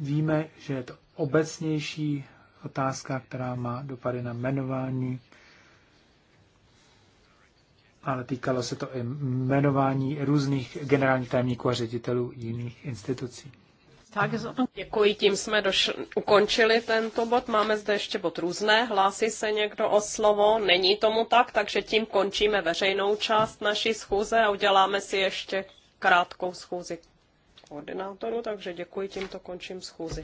Víme, že je to obecnější otázka, která má dopady na jmenování, ale týkalo se to i jmenování různých generálních tajemníků a ředitelů jiných institucí. Tak, děkuji, tím jsme došli, ukončili tento bod. Máme zde ještě bod různé. Hlásí se někdo o slovo? Není tomu tak, takže tím končíme veřejnou část naší schůze a uděláme si ještě krátkou schůzi koordinátorů, takže děkuji, tímto končím schůzi.